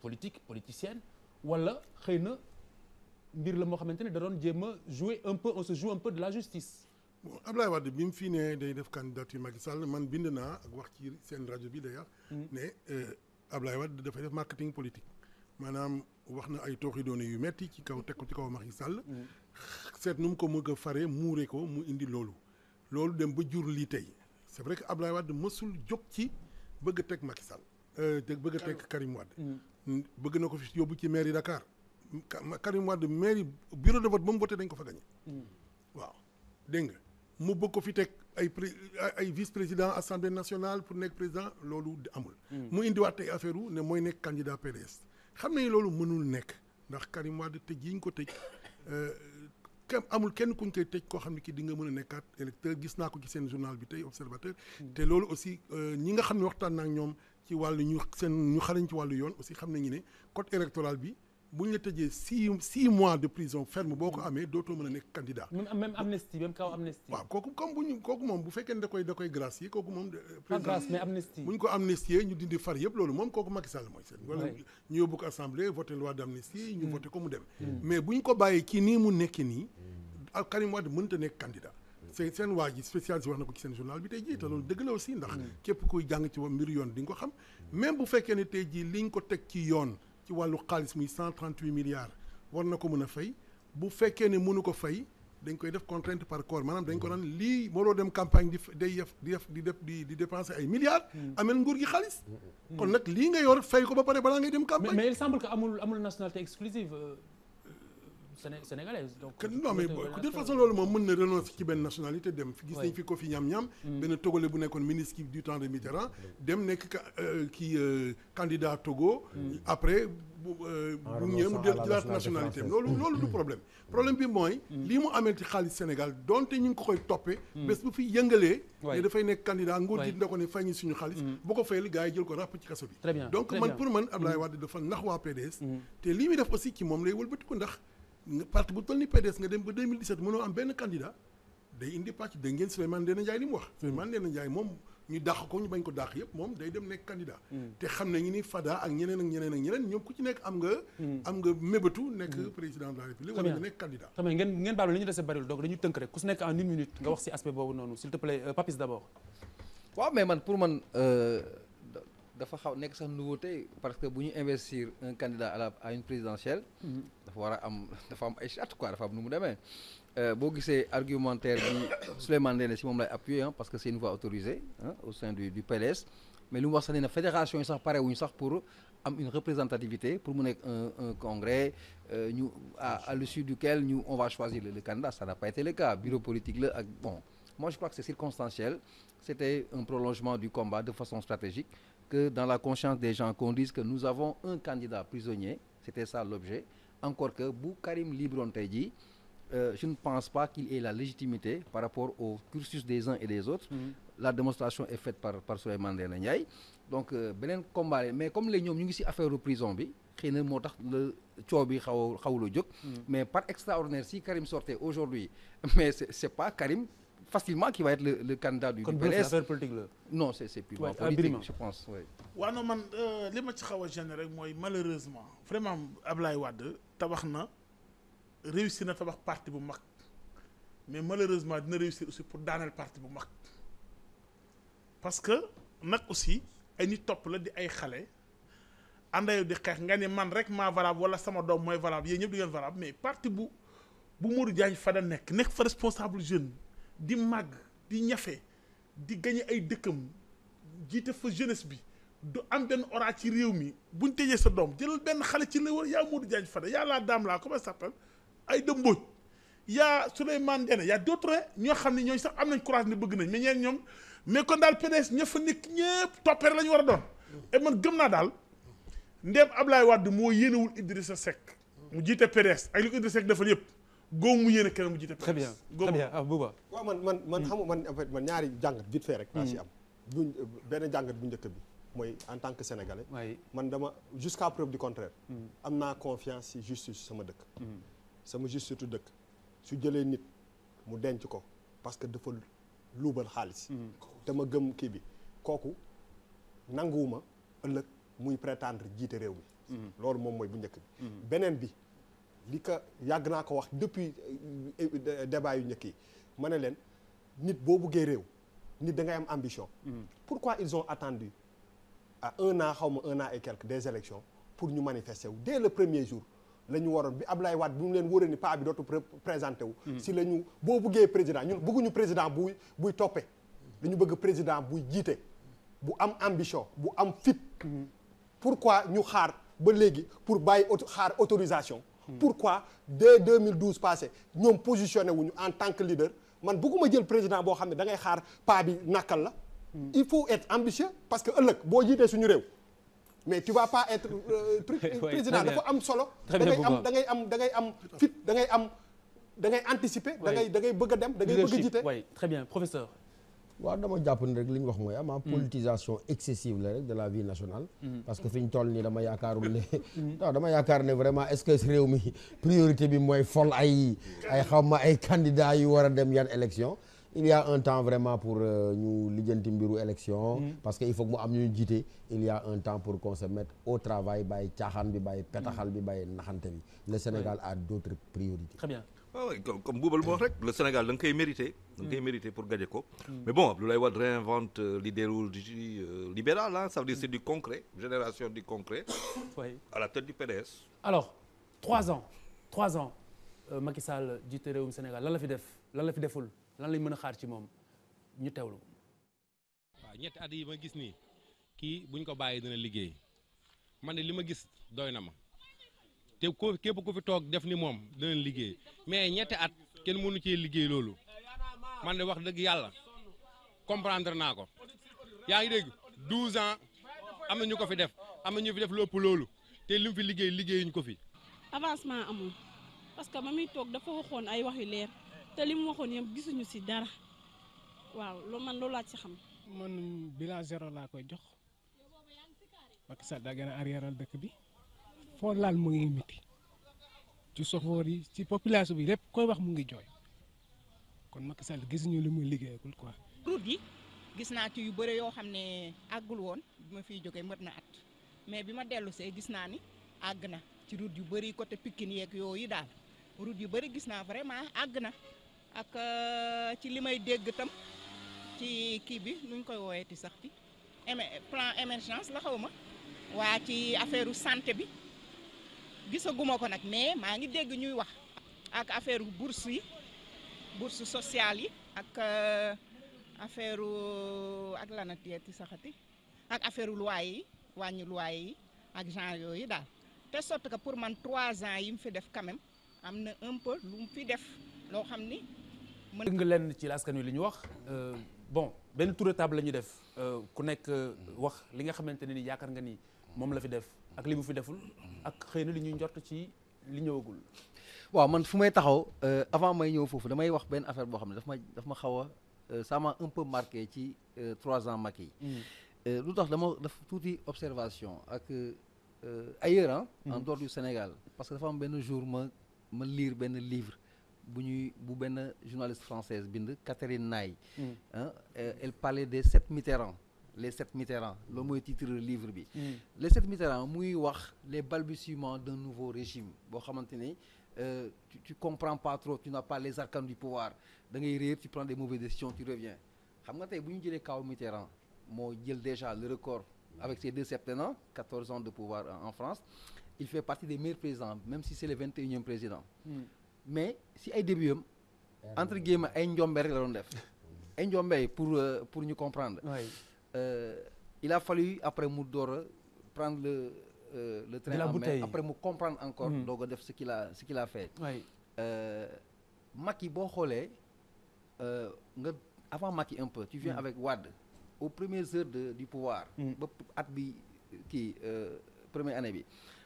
politique politicienne wala xëy na mbir la moo xamante ne da jéem a jouer un peu on se joue un peu de la justice. bon Ablaye bi mu fii ne day def candidature Macky Sall man bind naa ak wax ci seen rajo bi d'ailleurs. Mm-hmm. ne euh, Ablaye Wade dafay def marketing politique maanaam. wax na ay tooxi doone yu metti ci kaw teg ko ci kaw Macky Sall mm. seet nu mu ko mën a fare muure ko mu indi loolu loolu dem ba jur lii tey c'est vrai que Abdoulaye Wade mësul jóg ci bëgg a teg Macky Sall euh, te bëgg a teg Karim Wade mm. Mm, bëgg na ko fi yóbbu ci mairie Dakar Karim Wade mairie bureau de vote ba mu voté dañ ko fa gagné waaw dégg nga mu bëgg ko fi teg ay ay vice président assemblée nationale pour nekk président loolu amul mu indiwaat tey affaire wu ne mooy nekk candidat PDS xam nañ loolu mënul nekk ndax Karim de tëj yi ñu ko tëj euh, kenn amul kenn kuñ koy tëj koo xam ne kii di nga mën a nekkaat électeur gis naa ko ci seen journal bi tey observateur mm. te loolu aussi euh, ñi nga xam ne waxtaan naa ak ñoom ci wàllu ñu seen ñu xarañ ci wàllu yoon aussi xam nañu ne code électoral bi bu ñu la tëjee six six mois de prison ferme boo ko amee dootoo mën a nekk candidat. kooku kooku moom bu fekkee ne da koy da koy gracier kooku moom. Euh, pas grâce mais amnistie. bu ñu ko moom kooku Macky Sall mooy seen. wala ñu yóbbu ko assemblée voté loi d' amnistie ñu mm. voté ko mu dem. Mm. Mm. mais bu ñu ko bàyyee ci nii mu nekkee nii. ak Karim Wade mënta nekk candidat. seen seen waa ji spécialiste wax na ko ci seen journal bi tey jii te loolu dëgg la aussi ndax. képp kuy jàng ci mbir yoon di nga ko xam. même bu fekkee ne tey jii liñ ko teg ci yoon ci wàllu xaalis muy cent trente huit milliards war na ko mën a fay bu fekkee ne mënu ko fay dañ koy def contrainte par corps maanaam dañ ko naan lii moo dem campagne di day def di def di def di di dépenser ay milliards. Hmm. amel nguur gi xaalis. Hmm. kon nag lii nga yor fey ko ba pare balaa ngay dem campagne. mais mais amul amul nationalité exclusive. Euh, sénégalaise donc non mais de toute façon loolu na renoncer ci benn nationalité dem gis nañ fi ko fi ñam-ñam mm. benn togolais bu nekkoon mm. dem nekk euh, kii euh, candidat Togo mm. après bu euh, ah, ñëwee mu jëlaat nationalité am loolu du problème problème bi mooy lii mu amee ci xaalis Sénégal donte ñu ngi ko koy toppee bés bu fi yëngalee ne dafay nekk candidat nguur gi dina ko ne fay ñu suñu xaalis bu ko fayal gars yi jël ko ràpp ci kaso bi donc man pour man Abdoulaye Wade dafa nax waa PDS te lii muy def aussi ci moom lay wëlbatiku ndax parti bu toll ni PDS nga dem ba 2017 mënoo am benn candidat day indi parti da ngeen Souleymane Ndéné Ndiaye li mu wax Souleymane Ndéné Ndiaye moom ñu dàq ko ñu bañ ko dàq yëpp moom day dem nekk candidat hmm. te xam nañu ni Fada ak ñeneen ak ñeneen ak ñeneen ñoom ku ci nekk am nga hmm. am nga mébétu nekk hmm. président de la république wala nga nekk candidat xam ngeen ngeen baalu li ñu dese bariwul donc dañu tënk rek ku si nekk en une minute nga wax si aspect boobu noonu s'il euh, man pour man euh, dafa xaw nekk sax nouveauté parce que bu ñu investir un à la à une présidentielle dafa war a am dafa am ay charte quoi dafa am nu mu demee euh, boo gisee argumentaire bi Souleymane Ndéné si moom lay appuyer parce que c'est une voix autorisée au sein du du mais lu mu wax sax na fédération yi sax pare wuñu sax pour am une représentativité pour mu nekk un un congrès euh, ñu à à l'issue duquel ñu on va choisir le candidat ça n'a pas été le cas bureau politique la bon moi je crois que c'est circonstanciel c'était un prolongement du combat de façon stratégique que dans la conscience des gens qu'on dise que nous avons un candidat encore que bu Karim libron tey euh, je ne pense pas qu'il la légitimité par rapport au cursus des uns et des autres mm-hmm. la démonstration est faite par par Souleymane Ndéné Ndiaye donc euh, beneen combat mais comme léegi ñoom ñu ngi ci affaire prison bi xëy moo tax la coow bi xaw a xawula jóg mm-hmm. mais par extraordinaire si Karim sortait aujourd'hui mais c'est pas Karim facilement qui va être le, candidat du PDS non c'est c'est purement ouais, politique je pense waaw non man euh, li ma tabax na réussir na tabax parti bu mag mais malheureusement dina réussir aussi pour daaneel parti bu mag parce que nag aussi ay nit topp la di ay xale àndayu di xeex nga ne man rek maa valable wala sama doom mooy valable yéen ñëpp di ngeen valable mais parti bu bu Modou Diagne Fada nekk nekk fa responsable jeune di màgg di ñafe di gañe ay dëkkam jiite fa jeunesse bi du am benn orage ci réew mi buñ tëjee sa doom jëlal benn xale ci la war yaa Modou jaañ Fada yaa laa daam laa comment ça s'appelle Aïda Mbodj yaa Souleymane Ndéné yaa d'autres ñoo xam ne ñooñu sax am nañ courage ne bëgg nañ mais ñeen ñoom mais kon daal PDS ña fa nekk ñëpp toppeere la ñu war a doon et man gëm naa daal ndeem Ablaye Wade moo yéenewul Idrissa Seck mu jiite PDS ak li ko Idrissa Seck defal yëpp góob mu yéene keneen mu jiite PDS très bien très bien ah man man man hmm. xamu man en fait man ñaari jàngat vite fait rek laa si hmm. benn jàngat bu njëkk bi mooy en tant que sénégalais. man dama jusqu'à preuve du contraire. Mm. am naa confiance ci justice sama dëkk. Mm. sama justice dëkk su jëlee nit mu denc ko parce que dafa luubal xaalis. Mm. te ma gëm kii bi kooku nanguwuma ëllëg muy prétendre jiite réew mi. loolu moom mooy bu njëkk bi. beneen bi li ko yàgg naa ko wax depuis eh, eh, eh, débat yu njëkk yi ma ne leen nit boo buggee réew nit da ngay am ambition. pourquoi ils ont attendu. à un an xaw ma un an et quelques des élections pour ñu manifester wu dès le premier jour la ñu waroon bi Ablaye Wade bu ñu leen wóoree ni paa bi dootu présenté wu. Mm-hmm. si la ñu boo bëggee président ñun bëgguñu président buy buy toppee dañu bëgg président buy jiite bu am ambition bu am fit. Mm-hmm. pourquoi ñu xaar ba léegi pour bàyyi auto xaar autorisation. Mm-hmm. pourquoi dès 2012 passé ñoom positionné wuñu en tant que leader man bugguma jël président boo xam ne da ngay xaar paa bi nakal la. il faut être ambitieux parce que ëllëg boo jiitee suñu réew mais tu vas pas être euh, président dafa am solo da ngay am da ngay am da ngay am fit da ngay am da ngay anticiper da ngay da ngay bëgg a dem da ngay bëgg a jiite oui très bien professeur waaw dama jàpp ne rek li ñu wax mooy ama hmm. politisation excessive la rek de la vie nationale hmm. parce que fi ñu toll nii dama yaakaarul ne hmm. waaw dama yaakaar ne vraiment est-ce que réew mi priorité bi mooy fol ay ay xaw ma ay candidats yu war a dem yan élection il y un temps vraiment pour euh, ñu lijjanti mbiru élection mm. parce que il faut que mu am ñu jiite il y un temps pour qu'on se mette au travail bàyyi caaxaan bi bàyyi petaxal bi bàyyi naxante bi le Sénégal a d'autres priorités très bien ah comme buubal moo wax rek le Sénégal da nga koy mérité da nga mm. koy mérité pour gagner ko mm. mais bon Abdoulaye Wade réinvente euh, l'idéologie euh, libérale ah ça veut dire c'est du concret génération du concret à la tête du PDS alors trois ans trois ans Macky Sall jiite réewum Sénégal lan la fi def lan la fi deful lan lañ mën a xaar ci moom ñu teewlu ko. waaw ñetti at yi ma gis nii kii buñ ko bàyyi dana liggéey man ne li ma gis doy na ma te ku képp ku fi toog def ni moom dina liggéey mais ñetti at kenn nu cee liggéey loolu man de wax dëgg yàlla comprendre naa ko yaa ngi dégg 12 ans am na ñu ko fi def am na ñu fi def lépp loolu te li mu fi liggéey liggéeyuñ ko fi. avancement amul parce que ba toog dafa waxoon ay wax leer. te li mu waxoon yëpp gisuñu si dara waaw loolu man loolu laa si xam. man bilan zéro laa koy jox Macky Sall daa gën dëkk bi foo laal mu ngi miti ci soxoor yi ci population bi lépp koy wax mu ngi jooy kon Macky Sall gisuñu lu muy liggéeyagul quoi. route yi gis naa ci yu bëre yoo xam ne àggul woon bi ma fiy jógee mët na at mais bi ma dellu see gis naa ni àgg na ci route yu bëri côté Pikine yeeg yooyu daal route yu bëri gis naa vraiment àgg na. ak euh, ci li may dégg tam ci kii bi nuñ koy woowee sax ci plan émergence la xaw ma waa ci affaire santé bi gisaguma ko nag mais maa ngi dégg ñuy wax ak affaire bourse yi bourse sociale yi ak euh, affaire ak lana ti saxati ak affaire luwaay yi wàññi luwaay yi ak genre yooyu daal te sotti que pour man trois ans yi mu fi def quand am na un peu lu mu fi def loo xam ni dégg nga leen ci askan wi li ñu wax euh, bon benn tour de table la ñu def euh, ku nekk euh, wax li nga xamante ne ni yaakaar nga ni moom la fi def ak li mu fi deful ak xëy na li ñuy njort ci li ñëwagul. waaw man fu may taxaw avant may ñëw foofu damay wax benn affaire boo xam ne daf ma daf ma xaw a ça m'a un peu marqué ci trois ans Macky yi. Mm. lu tax dama daf tuuti observation ak ailleurs en mm. dehors du Sénégal parce que dafa am benn jour ma ma liir benn livre. bu ñuy bu benn journaliste française bind Catherine Nay hmm. euh, elle parlait des sept Mitterrand les sept Mitterrand loolu mooy titre livre bi hmm. les sept Mitterrand muy wax les balbutiements d'un nouveau régime boo xamante ne euh, tu tu comprends pas trop tu n'as pas les arcanes du pouvoir da ngay réer tu prends des mauvaises décisions tu reviens xam nga tey bu ñu jëlee kaw Mitterrand moo jël déjà le record avec ses deux septennats 14 ans de pouvoir en France il fait partie des meilleurs présidents même le 21e président hmm. mais si ay début am entre guillemets ay njombe rek la doon def ay njombe pour euh, pour ñu comprendre. Euh, il a fallu après mu door a prendre le euh, le train en main après mu comprendre encore. Mm. doog a def ce qu'il a ce qu'il a fait. yi boo xoolee nga avant Macky un peu. tu viens mm. avec Wade au premières heures de du pouvoir. Mm. ba at bi kii premier année bi.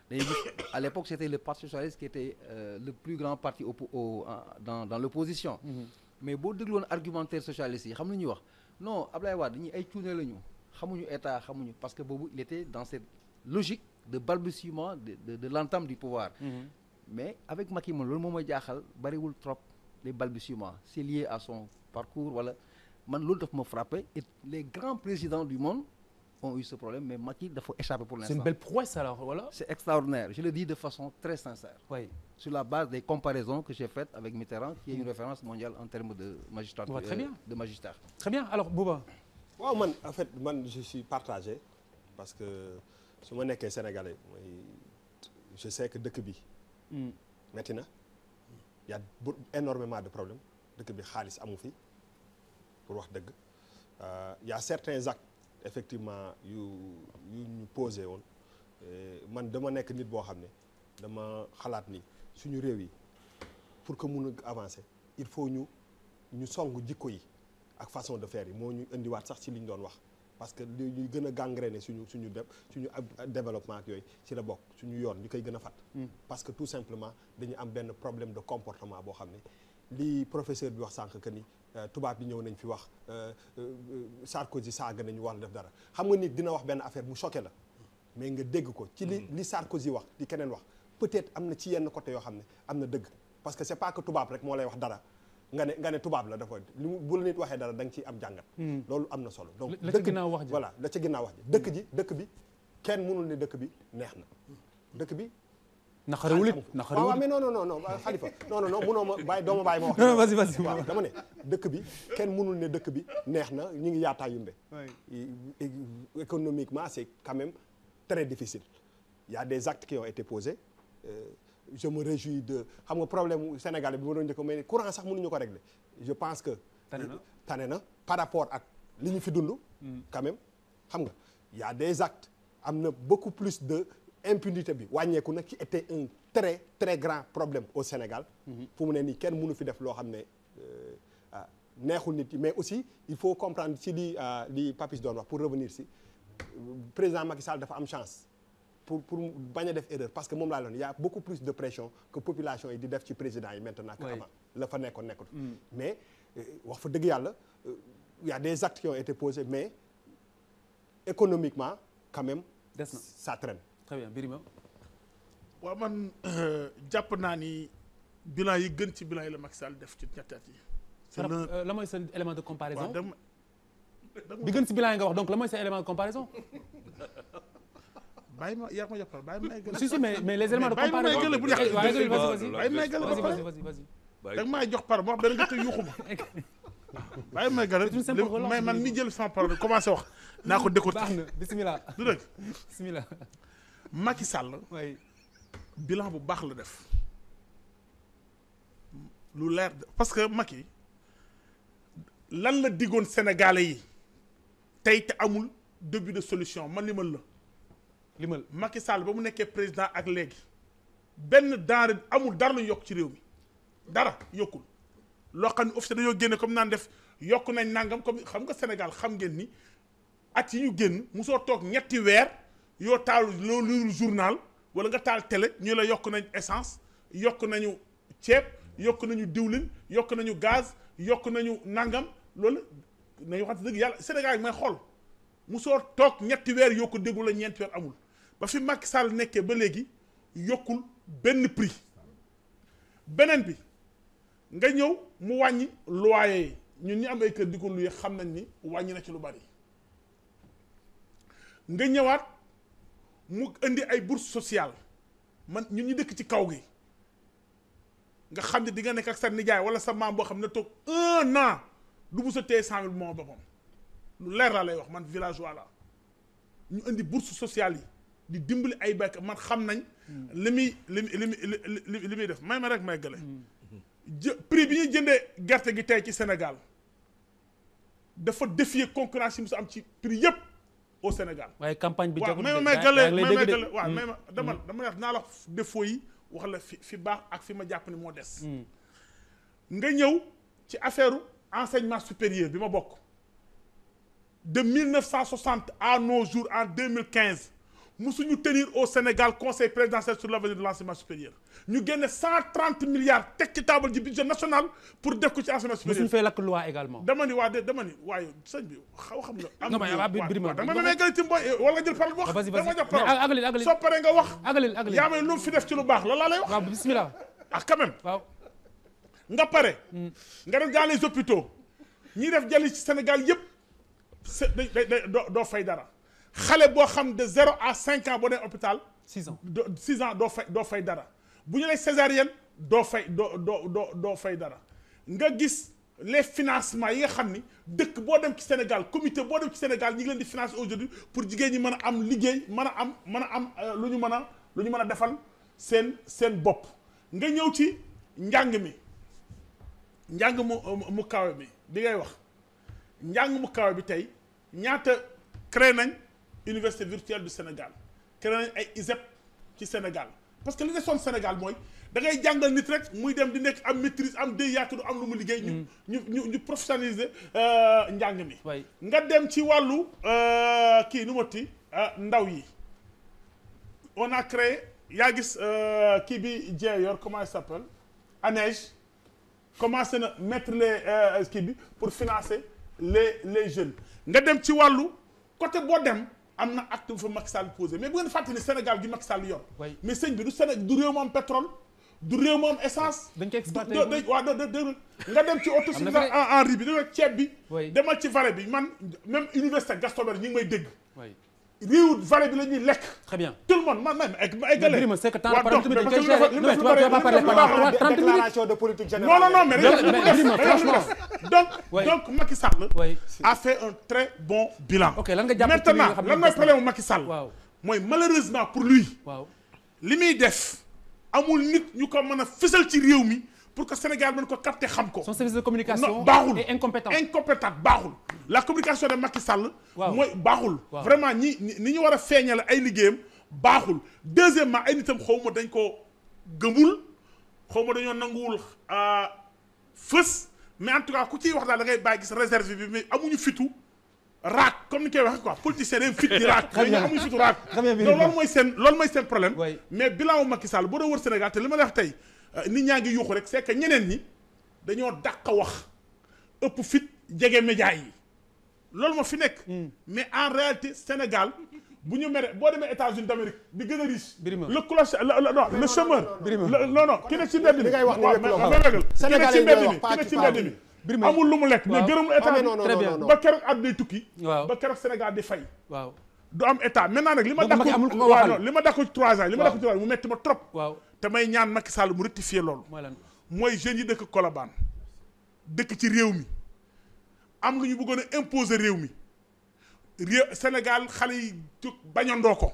dañuy gis l'époque c'était le parti socialiste qui était euh, le plus grand parti au, au dans l'opposition mm-hmm. mais boo dégloon argumentaire socialiste yi xam na ñuy wax non Ablaye Wade ñi ay cuune la ñu xamuñu état xamuñu parce que boobu il était dans cette logique de balbutiement de de, de l'entame du pouvoir mm -hmm. mais avec Macky moom loolu moom mooy jaaxal bariwul trop les balbutiements c'est lié à son parcours wala man loolu daf ma frappé les grands présidents du monde ont eu ce problème mais Macky dafa échapper pour l'instant. C'est extraordinaire je le dis de façon très sincère. Sur la base des comparaisons que j'ai faites avec Mitterrand qui est une mm. référence mondiale en termes de magistrature ouais, très euh, man en je suis partagé parce que su ma nekkee sénégalais mooy je sais que dëkk bi. Mm. metti na y a énormément de problème dëkk bi xaalis amu fi pour wax dëgg euh, effectivement yu ñu posé woon euh, man dama nekk nit boo xam ne dama xalaat ni suñu réew yi pour que mun a avancer il faut ñu ñu song jikko yi ak façon de faire yi moo ñu indiwaat sax ci li ñu doon wax parce que li ñuy gën a ne suñu suñu def suñu développement ak yooyu ci la bokk suñu yoon ñu koy gën a fat hmm. parce que tout simplement dañu am benn problème de comportement boo xam ne li professeur bi wax sànq que ni Euh, tubaab bi ñëw nañ fi wax euh, euh, Sarkozy saaga nañu war def dara xam nga nit dina wax benn affaire mu choqué la mais nga dégg ko ci li mm. li Sarkozy wax li keneen wax peut-être am na ci yenn côté yoo xam ne am na dëgg parce que c'est pas que tubaab rek moo lay wax dara nga ne nga ne tubaab la dafa li mu bu la nit waxee dara danga nga ciy am jàngat mm. loolu am na solo donc la ca ginnaaw wax ji voilà la ca ginnaaw wax ji dëkk ji dëkk bi kenn mënul ne dëkk bi neex na mm. dëkk bi naxariwul it naxariwul waaw mais non non non non xalifa non non munoo ma bàyyi bàyyi ma wax. dama ne dëkk bi kenn mënul ne dëkk bi neex na ñu ngi yaataa yumbe économiquement c'est quand même très difficile il des actes qui ont été posés euh, je me réjouis de xam nga problème sénégalais bi ma doon njëkk mais courant sax mënuñu ko régler je pense que tane na par rapport ak li ñu fi dund mm. quand même xam nga il des actes am na beaucoup plus de impunité bi wàññeeku nag ci était un très très grand problème au Sénégal fu mu ne nii kenn mënu fi def loo xam ne euh, ah, neexul nit yi mais aussi il faut comprendre si li euh, li Papis doon wax pour revenir si président Macky Sall dafa am chance pour pour bañ def erreur parce que moom laa doon y' a beaucoup de pression que population yi di def ci président yi maintenant que la fa nekkoon nekkul mm. mais euh, wax fa dëgg yàlla y' des actes qui ont été posés mais économiquement quand même ça traîne très bien Birima waaw man jàpp naa ni bilan yi gën ci bilan yi la Macky Sall def ci ñetti at yi. c'est euh, la mooy seen élément de comparaison bi gën ci bilan yi nga wax donc la mooy seen élément de comparaison. bàyyi ma yaa ma jàppal bàyyi ma eggale. si si mais mais les éléments de comparaison bàyyi ma eggale bu ñu da nga may jox par ma wax benn nga te yuuxu ma bàyyi ma eggale may man mi jël sans parole commencé wax naa ko décorté. baax na bisimilah du dëgg bisimilah. Macky Sall. bilan bu baax la def lu leer parce que Macky lan la diggoon Sénégalais yi tey te amul début de solution man limal la. limal Macky Sall ba mu nekkee président ak léegi benn denrée amul dara lu yokk ci réew mi dara yokkul loo xam ne officiel dañoo génne comme naan def yokk nañ nàngam comme xam nga Sénégal xam ngeen ni at yi ñu génn musoo toog ñetti weer. yoo taal loo lirul journal wala nga taal télé ñu la yokk nañ essence yokk nañu ceeb yokk nañu diwlin yokk nañu gaz yokk nañu nangam loolu nañu waxante dëgg yàlla Sénégal may xool mu soo toog ñetti weer yoo ko déglu la ñeenti weer amul ba fi Macky Sall nekkee ba léegi yokkul benn prix beneen bi nga ñëw mu wàññi loyer yi ñun ñi am ay kër di ko luye xam nañ ni wàññi na ci lu bari nga ñëwaat mu indi ay bourse sociale man ñu ñu dëkk ci kaw gi nga xam ne di nga nekk ak sa nijaay wala sa maam boo xam ne toog un an du bu sa téye cent mille moo boppam lu leer laa lay wax man villageois la ñu indi bourse sociale yi di dimbali ay baykat man xam nañ hmm. li muy li muy li li muy def may ma rek may gële hmm. jë prix bi ñuy jëndee gerte gi tey ci Sénégal dafa défier concurrence yi mu am ci prix yëpp au Sénégal. waaye campagne bi jagut waaw may ma may gën la waaw may ma dama hmm. dama ne naa la défaut yi wax la fi fi baax ak fi ma jàpp ni moo des. Hmm. nga ñëw ci affaire enseignement supérieur bi ma bokk. mille de 1960 à nos jours en 2015. musuñu tenir au Sénégal conseil présidentiel sur l'avenir de l'enseignement supérieur ñu génne cent trente milliards teg ci table ji budget national pour def ko ci enseignement supérieur. musuñu fay lakk loi également. dama ni waa de dama ni waaye sëñ bi xaw xam nga. am ne ngay tim booy nga jël parole wax. Ah, dama jël parole soo nga wax. def ci ah, nga pare. Hmm. nga def dans les hôpitaux ñiy def jëli ci Sénégal yëpp. c'est day day doo fay dara. xale boo xam de zéro à cinq ans boo nee hôpital. six ans doo fay doo fay dara bu ñu nee césarienne doo fay doo doo doo doo fay dara nga gis les financements yi nga xam ni dëkk boo dem ci Sénégal comité boo dem ci Sénégal ñi ngi leen di financer aujourd'hui pour jigéen ñi mën a am liggéey mën a am mën a am euh, lu ñu mën a lu ñu mën a defal seen seen bopp nga ñëw ci njàng mi njàng mu mu kawe bi bi wax njàng mu kawe bi tey ñaata créé nañ. université virtuelle du Sénégal créé nañ ay ISEP ci Sénégal parce que li desoon Sénégal mooy da ngay jàngal nit rek muy dem di nekk am maîtrise am day yaatu du am lu mu liggéey. ñu mm. ñu ñu ñu professionnaliser euh, njàng mi. nga dem ci wàllu euh, kii nu moti euh, ndaw yi on a créé yaa gis kii bi Dieng yor sa il s'appelle ANEJ commencé na mettre les kii bi pour financer le les jeunes nga dem ci wàllu côté boo dem. am na acte bu fa Macky Sall posé mais bu ngeen fàttali Sénégal gi Macky Sall yor. mais sëñ bi du Sénégal du réew mu am pétrole. du réew mu am essence. nga dem ci autosuffisance en riz bi danga ceeb bi. demal ci vallée bi man université Gaston Berger ngi may dégg. réew vallée bi la ñuy lekk. très bien tout le monde man man ma eggale. mais Birima c'est que temps de parole tamit dañ koy gérer non mais tu vas pas parler pendant 30 minutes. déclaration de politique générale. non non non mais Birima franchement. donc donc Macky Sall. a fait un très bon bilan. ok lan nga jàpp ci li nga xam ne maintenant lan mooy problème mu Macky Sall. waaw mooy malheureusement pour lui. waaw li muy def amul nit ñu ko mën a fësal ci réew mi. pour que Sénégal mën ko capter xam ko. son service de communication baaxul incompétent incompétent baaxul. la communication de Macky Sall. mooy baaxul. vraiment ñi ni ñu war a feeñale ay liggéeyam baaxul. deuxièmement ay nitam xaw ma dañ ko gëmul xaw ma dañoo nanguwul euh, fës mais en ku ciy wax daal da ngay bàyyi gis réserve bi mais amuñu fitu. raak comme ni koy waxee quoi politicien day fit di raak mais ñoo mooy seen loolu mooy seen problème. mais bilan wu Macky Sall boo doon wër Sénégal te li ma lay wax tey. Euh, nit ñaa ngi yuuxu rek c'est ñeneen ñi dañoo dàq wax ëpp fit jege média yi loolu moo fi nekk. Hmm. mais en réalité Sénégal bu ñu mere boo demee États-Unis d'Amérique bi gën a riche. le cloche le non le chômeur. non non ki ne ci mbedd mi. li ngay wax Sénégal yi ngay wax pàcc pàcc amul lu mu lekk. waaw waaw très bien ne gërëmul état bi ba keroog at day tukki. waaw ba keroog Sénégal di fay. waaw. du am état maintenant nag li ma dakku waaw li ma dakku ci trois ans li ma dakku ci trois ans mu metti ma trop waaw te may ñaan Macky Sall mu rectifier loolu mooy jeunes yi dëkk Colobane dëkk ci réew mi am nga ñu bëggoon a imposer réew mi réew Sénégal xale yi jóg bañandoo ko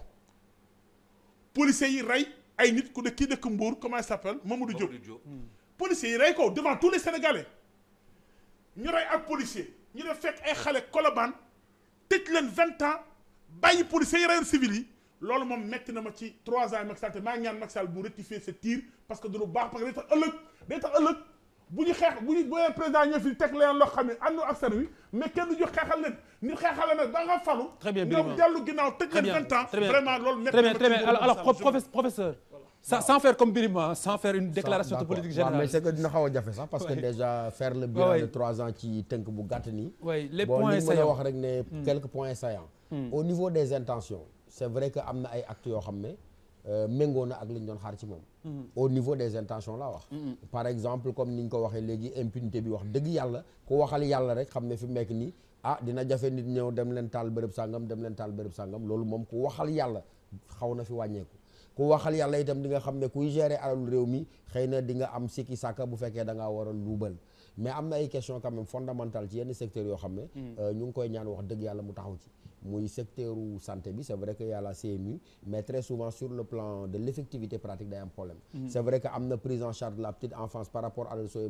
policiers yi rey ay nit ku dëkk kii dëkk Mbour comment il s'appelle Mamadou Diop hmm. policiers yi rey ko devant tous les Sénégalais ñu rey ak policier ñu def fekk ay xale Colobane tëj leen vingt ans bàyyi policiers yi reen civil yi loolu moom metti na ma ci trois ans Macky Sall te maa ñaan Macky Sall bu rectifier ce tir parce que du lu baax parce que day tax ëllëg bu ñu xeex bu ñu bu président ñëw fi teg leen loo xam ne ànd ak seen wi loolu metti na ma a jafe sax parce que déjà faire le bilan de ci tënk bu gàtt nii. oui les points wax rek ne. Hmm. quelques points saillants. Hmm. au niveau des intentions c'est vrai que am na ay actes yoo xam ne euh, mengoon na ak li ñu doon xaar ci moom hmm. au niveau des intentions laa wax hmm. par exemple comme ni ñu ko waxee léegi impunité bi wax dëgg yàlla ku waxal yàlla xam ne fi mu nekk nii ah dina jafe nit ñëw dem leen taal bërëb sàngam dem leen taal bërëb sàngam loolu moom ku waxal yàlla xaw na fi wàññeeku ku waxal yàlla itam di nga xam ne kuy gérer alalu réew mi xëy na di nga am sikki sàkka bu fekkee da ngaa war a luubal mais am yenn secteurs yoo xam ne euh, ñu ngi koy ñaan wax dëgg yàlla mu taxaw ci muy secteur santé bi c'est vrai que y a la CMU mais très souvent sur le plan de l'effectivité pratique day am problème mm c'est vrai que am na prise en charge de la petite enfance par rapport à les soins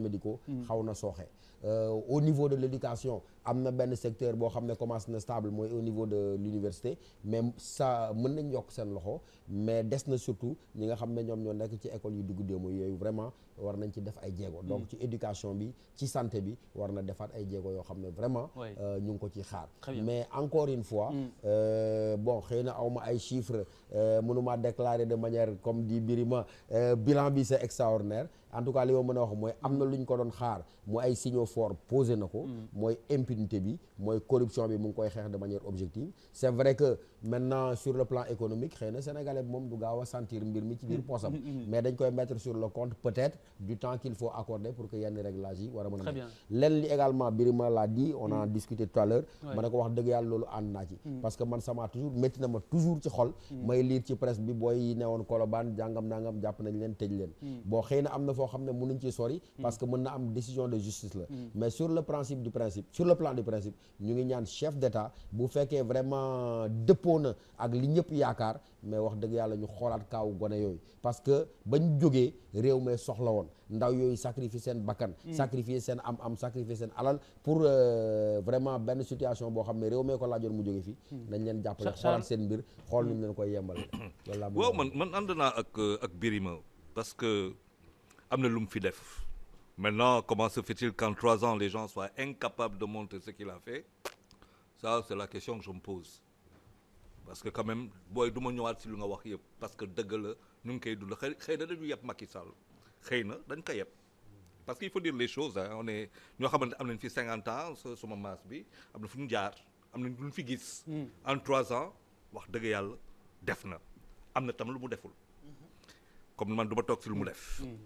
médicaux mm-hmm. xaw na sooxe euh, au niveau de l'éducation am na benn secteur boo xam ne commence na stable mooy au niveau de l'université mais sa mën nañ yokk seen loxo mais des na surtout ñi nga xam ne ñoom ñoo nekk ci école yi diggu déemu yooyu vraiment war nañ ci def ay jéego. donc mm. ci éducation bi ci santé bi war na defaat ay jéego yoo xam ne vraiment. Euh, ñu ngi ko ci xaar. mais encore une fois. Mm. Euh, bon xëy na aw ma ay chiffres euh, mënuma déclarer de manière comme di Birima bilan bi c'est extraordinaire. en tout cas li ma mën a wax mooy am na mm. lu ñu ko doon xaar mu ay signaux forts na ko. Mm. mooy impunité bi mooy corruption bi mu ngi koy xeex de manière objective. c' est vrai que maintenant sur le plan économique xëy na sénégalais bi moom du gaaw a sentir mbir mi ci biir poosam. Mm, mais dañ koy mettre sur le compte peut du temps qu'il faut accorder pour que yenn réglages yi war a mën a. lenn li également Birima l'a dit on en discuté tout à ma ne ko foo xam ne mënuñ ci sori hmm. parce que mën na am décision de justice la hmm. mais sur le principe du principe sur le plan du principe ñu ngi ñaan chef d'État bu fekkee vraiment dëppoo ak li ñëpp yaakaar mais wax dëgg yàlla ñu xoolaat kaaw gone yooyu parce que bañ jógee réew mee soxla woon ndaw yooyu sacrifier seen bakkan hmm. sacrifier seen am am sacrifier seen alal pour euh, vraiment benn situation boo xam ne réew mee ko laajoon mu jóge fi nañ leen jàppale xoolaat seen mbir xool nuñ leen koy yembal am na lu mu fi def maintenant comment se fait-il qu'en trois ans les gens soient incapables de montrer ce qu'il a fait ça c'est la question que je me pose parce que quand même booy du ma ñëwaat si lu nga wax yëpp parce que dëgg la ñu ngi koy dund xëy xëy na dañu yeb Macky Sall xëy na dañ ko yeb parce que il faut dire les choses hein on est ñoo xamante am nañ fi 50 ans suma maas bi am na fu ñu jaar am nañ luñ fi gis. Mm. en trois wax dëgg yàlla def na am na tam lu mu deful. Mm-hmm. comme man du ma toog si lu mu mm. def. Mm.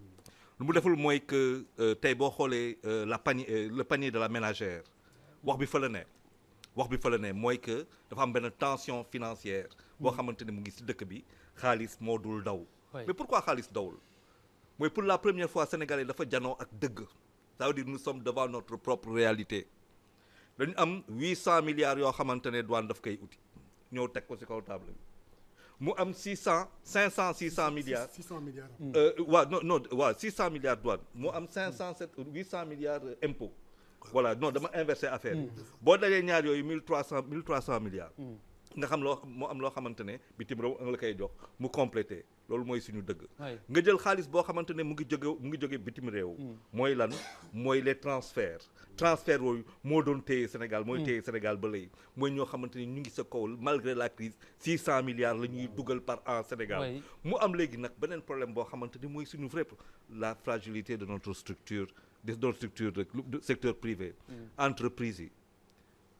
lu mu deful mooy que euh, tey boo xoolee euh, la panier euh, le panier de la ménagère wax bi fa la ne wax bi fa la ne mooy que dafa am benn tension financière boo mm. xamante ne mu ngi si dëkk bi xaalis moo dul daw mais pourquoi xaalis dawul mooy pour la première fois sénégalais dafa janoo ak dëgg ça veut dire nous sommes devant notre propre réalité dañu am huit cent milliards yoo xamante ne douane daf koy uti ñëw teg ko si kaw bi mu am six cent cinq cent six cent milliards. six cent milliards. Euh, waaw non non waaw six cent milliards douane mu am cinq cent sept huit cent milliards impôt voilà non dama inversé affaire mm. boo dajee ñaar yooyu mill trois cent mille trois cent milliards. Mm. nga xam loo mu am loo xamante ne bitim réew nga la koy jox mu complété. loolu mooy suñu dëgg nga jël xaalis boo xamante ne mu ngi jóge mu ngi jóge bitim réew mm. mooy lan mooy les transferts transfert yooyu moo doon téye Sénégal mooy mm. téye Sénégal ba léegi mooy ñoo xamante ne ñu ngi sa kaw malgré la crise six cent milliards la ñuy dugal par an Sénégal mu am léegi nag beneen problème boo xamante ni mooy suñu vrai la fragilité de notre structure de notre structure de secteur privé mm. entreprise yi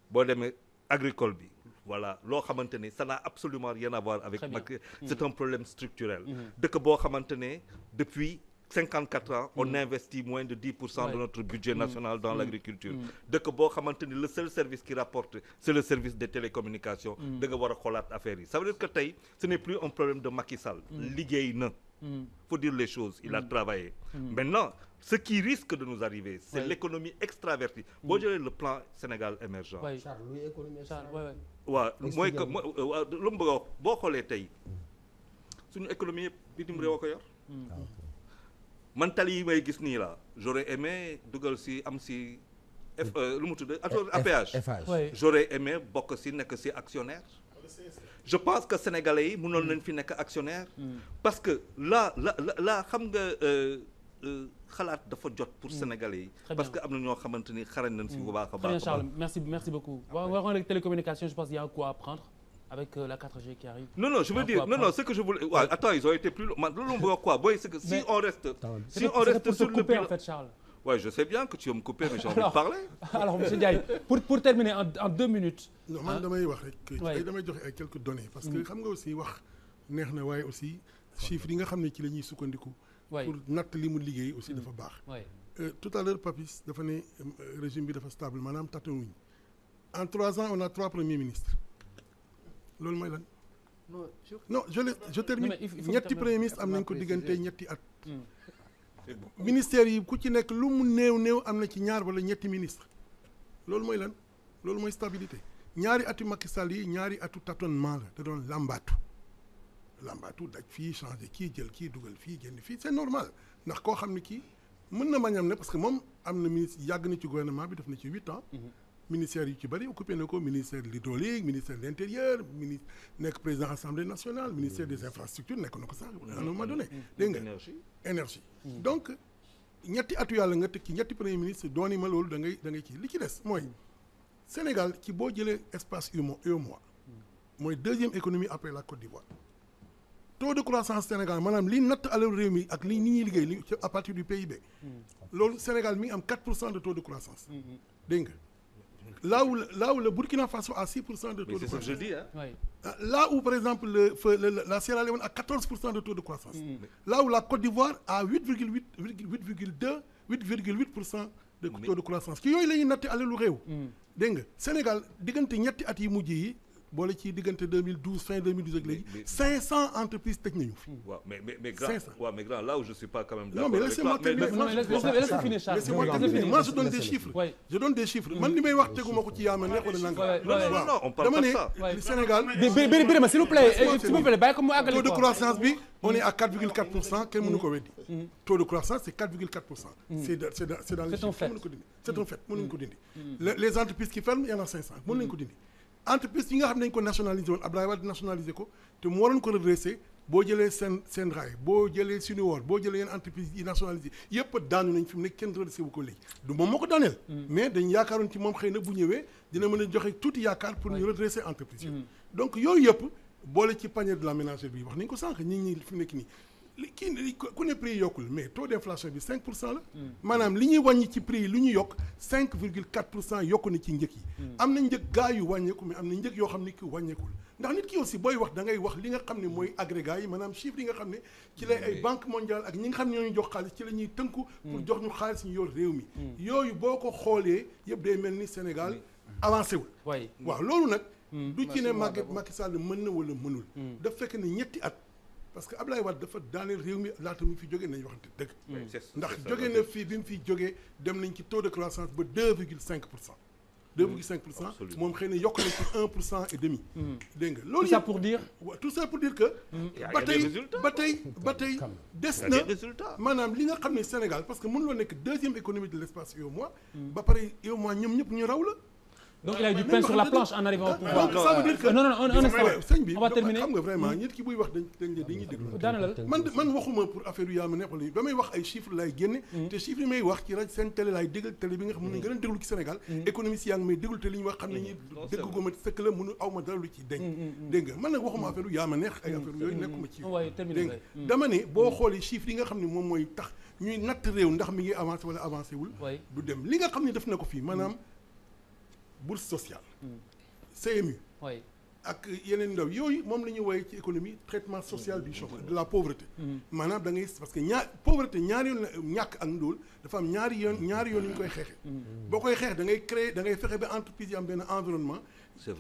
boo demee agricole bi voilà loo xamante ne ça n'a absolument rien à voir mm-hmm. problème structurel mm-hmm. dëkk boo xamante ne depuis cinquante quatre ans on mm-hmm. investit moins de dix pour de notre budget national dans l'agriculture boo xamante ne le seul service qui le service des télécommunications da nga a xoolaat affaire yi ça veut dire que tey ce liggéey na faut dire les choses il a travaillé ce qui risque de nous arriver c'est oui. l'économie extravertie mm. boo jëlee le plan Sénégal émergent waaw mooy que waaw euh, lu mu bëgg a boo xoolee tey suñu économie yëpp bitim réew mm. Mm. Ah, may gis nii la j'aurais aimé dugal si am si F euh, lu mu tudd APH j'aurais aimé bokk si nekk si actionnaire je pense que sénégalais yi mënoon nañ fi nekk actionnaire parce que là la la xam nga euh, xalaat dafa jot pour mm. sénégalais yi parce que am na ñoo xamante ni xarañ si mm. bu a baax merci merci beaucoup waaw waxoon rek télécommunication je pense il y a quoi apprendre avec euh, la 4G qui arrive non non je veux dire non non ce que je voulais waaw attends ils ont été plus loin man loolu mooy quoi booy que si on reste si on reste sur le en fait Charles waaye je pour terminer en deux minutes non man damay wax rek parce que mm. xam nga aussi wax neex na waaye aussi la ñuy pour natt li mu liggéey aussi mm. dafa baax euh, tout à l'heure Papis dafa ne euh, régime bi dafa stable maanaam tatawuñ en trois ans on a trois premiers ministres loolu mooy lan non je le je termine ñetti premier ministre am nañ ko diggante ñetti at mm. ministères yi ku ci nekk lu mu néew néew am na ci ñaar wala ñetti ministre loolu mooy lan loolu mooy stabilité ñaari atu Macky Sall yi ñaari atu tâtonnement la da doon làmbaatu làmbaatu daj fii changé kii jël kii dugal fii génn fii c'est normal ndax koo xam ne ki mën na mañam ne parce que moom am na ministre yàgg na ci gouvernement bi def na ci huit ans mhm. ministère yu ci bëri occupé na ko ministère de l'hydraulique ministère de l'intérieur ministre nekk président assemblée nationale ministère des mhm. infrastructures nekk na ko sax mhm. à un moment donné énergie donc ñetti atu yàlla nga teg ci ñetti premier ministre dooni ma loolu da dangay da kii li ci des mooy Sénégal ci boo jëlee espace UEMOA UEMOA mooy deuxième économie après la Côte d'Ivoire taux de croissance Sénégal maanaam liy natt alal réew mi ak li ni ñuy liggéey li à partir du PIB hmm. loolu Sénégal mi ngi am 4 pour cent de taux de croissance hmm, hmm. dégg nga là où là le Burkina Faso a 6 ah, pour cent de taux de croissance là où par exemple la Sierra Leone de taux de croissance là où la Côte d'Ivoire a de taux de croissance ci yooyu la ñuy natt alalu réew dégg nga Sénégal diggante ñetti at yi mujj yi boole ci diggante 2012 fin 2012 ak léegi 500 entreprises teg nañu fi. waaw mais là où je suis pas quand même. non mais laissez-moi terminer laissez je donne des chiffres. je donne des chiffres man li may wax teguma ko ci yaa ma neex wala nangam. non non on parle pas ça dama ne Sénégal. Birima s'il vous plaît euh, s'il vous plaît de croissance bi mm-hmm. on est à 4,4 pour cent kenn mënu ko weddi. Mm-hmm. Mm-hmm. taux de croissance c'est 4,4 pour entreprise yi nga xam ne dañ ko nationalisé woon Abdoulaye Wade nationalisé ko te mu waroon ko redressé boo jëlee seen seen raay boo jëlee Sunuor boo jëlee yenn entreprise yi nationalisé yëpp daanu nañ fi mu nekk kenn redressé bu ko léegi du moom moo ko daaneel mm. mais dañ yaakaaroon ci moom xëy na bu ñëwee dina mën a joxe tuuti yaakaar pour ñu redresser entreprise yi mm. donc yooyu yëpp boole ci panier de la ménagerie bi wax nañ ko sànq ñi ñi fi mu nekk nii kii ku ne prix yokkul mais taux d'inflation bi cinq pour cent la. Hmm. maanaam li ñuy wàññi ci prix yi lu ñu yokk 5 virgule 4 cent yokku na ci njëg yi. Hmm. am na njëg gaa yu wàññeeku mais am na njëg yoo xam ne ki wàññeekul ndax nit ki aussi booy wax da ngay wax li nga xam ne mooy agrégat yi maanaam chiffre yi nga xam ne. ci lay ay hmm. banque mondiale ak ñi nga xam ne ñoo ñu jox xaalis ci la ñuy tënku. pour jox ñu xaalis ñu yor réew mi. yooyu boo ko xoolee yëpp day mel ni Sénégal avancé wul. waaw loolu nag. du ci ne Macky Sall mën na wala mënul. daf fekk ne ñetti at parce que Ablaye Wade dafa daaneel réew mi laata mu fi jógee nañu waxante dëgg. ndax jóge na fii bi mu fiy jógee dem nañ ci taux de croissance ba deux virgule cinq pour cent. moom xëy na yokk nañ ci un pour cent et demi. Hmm. dégg loolu tout pour dire. tout ça pour dire que. Hmm. ba tey ba tey ba tey des na maanaam li nga xam ne Sénégal parce que mënuloo nekk deuxième économie de l' espace UEMOA. Hmm. ba pare UEMOA ñoom ñëpp ñu raw la. donc il a du pain sur la planche en arrivant au pouvoir. ça veut dire que euh, non non on sëñ bi on va terminer xam nga vraiment nit ki buy wax dañ dañuy déglu. daanaka man man waxuma pour affaire yu yaa ma neexal yi ba may wax ay chiffres laay génne. Hmm. te chiffres yi may wax ci rajo seen télé laay déglu télé bi nga xam ne hmm. gën a déglu ci Sénégal. Hmm. économiste yaa ngi may déglu te li ñu wax xam ne ñi dégg ko ma sëkk la mënu aw ma dara lu ci deñ. dégg nga man nag waxuma affaire yu yaa ma neex ay affaire yooyu nekkuma ci. dégg nga dama ne boo xoolee chiffres yi nga xam ne moom mooy tax ñuy natt réew ndax mi ngi avancé wala avancé wul du dem li nga xam ne def na ko fii maanaam bourse sociale CMU ak yeneen ndaw yooyu moom la ñuy woowee ci économie traitement social du chômage de la pauvreté mm-hmm. maanaam dangay parce que ñaar pauvreté ñaari yoon la ñàkk ak ndool dafa am ñaari yoon ñaari yoon yu ñu koy xeexee mm-hmm. boo koy xeex da ngay créer dangay fexe ba entreprise yi am benn environnement c'est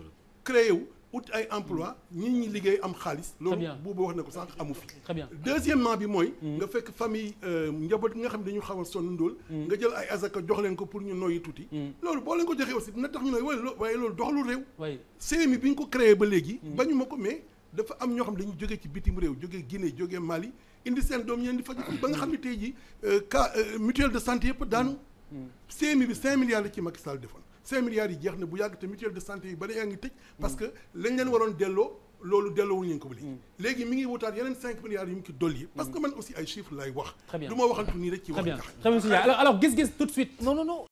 vrai wu ut ay emploi nit ñi liggéey am xaalis. loolu boobu wax na ko sànq amu fi. deuxièmement bi mooy. Mm-hmm. nga fekk famille euh, njaboot nga xam ne dañu xaw a sonn ndóol. Mm-hmm. nga jël ay azaka jox leen ko pour ñu noyyi tuuti. Mm-hmm. loolu boo leen ko joxee aussi dina tax ñu noyyi waaye loolu doxalul réew. CMI bi ñu ko créé ba léegi. bañu ma ko mais dafa am ñoo xam dañu jógee ci bitim réew jógee Guinée jógee Mali indi seen doom ñeen di faj ba nga xam ne tey jii euh, cas euh, de santé yëpp daan CMI bi 5 milliards la cinq milliards yi jeex na bu yàgg te mutuelle de santé yi bari yaa ngi tëj parce que lañ leen waroon delloo loolu delloowul ñu ko ba léegi mm. léegi mi ngi wutaat yeneen cinq milliards yu mu dolli parce que mm. man aussi ay chiffres lay wax du waxantu nii rek ci wax très bien alors gis-gis tout de suite non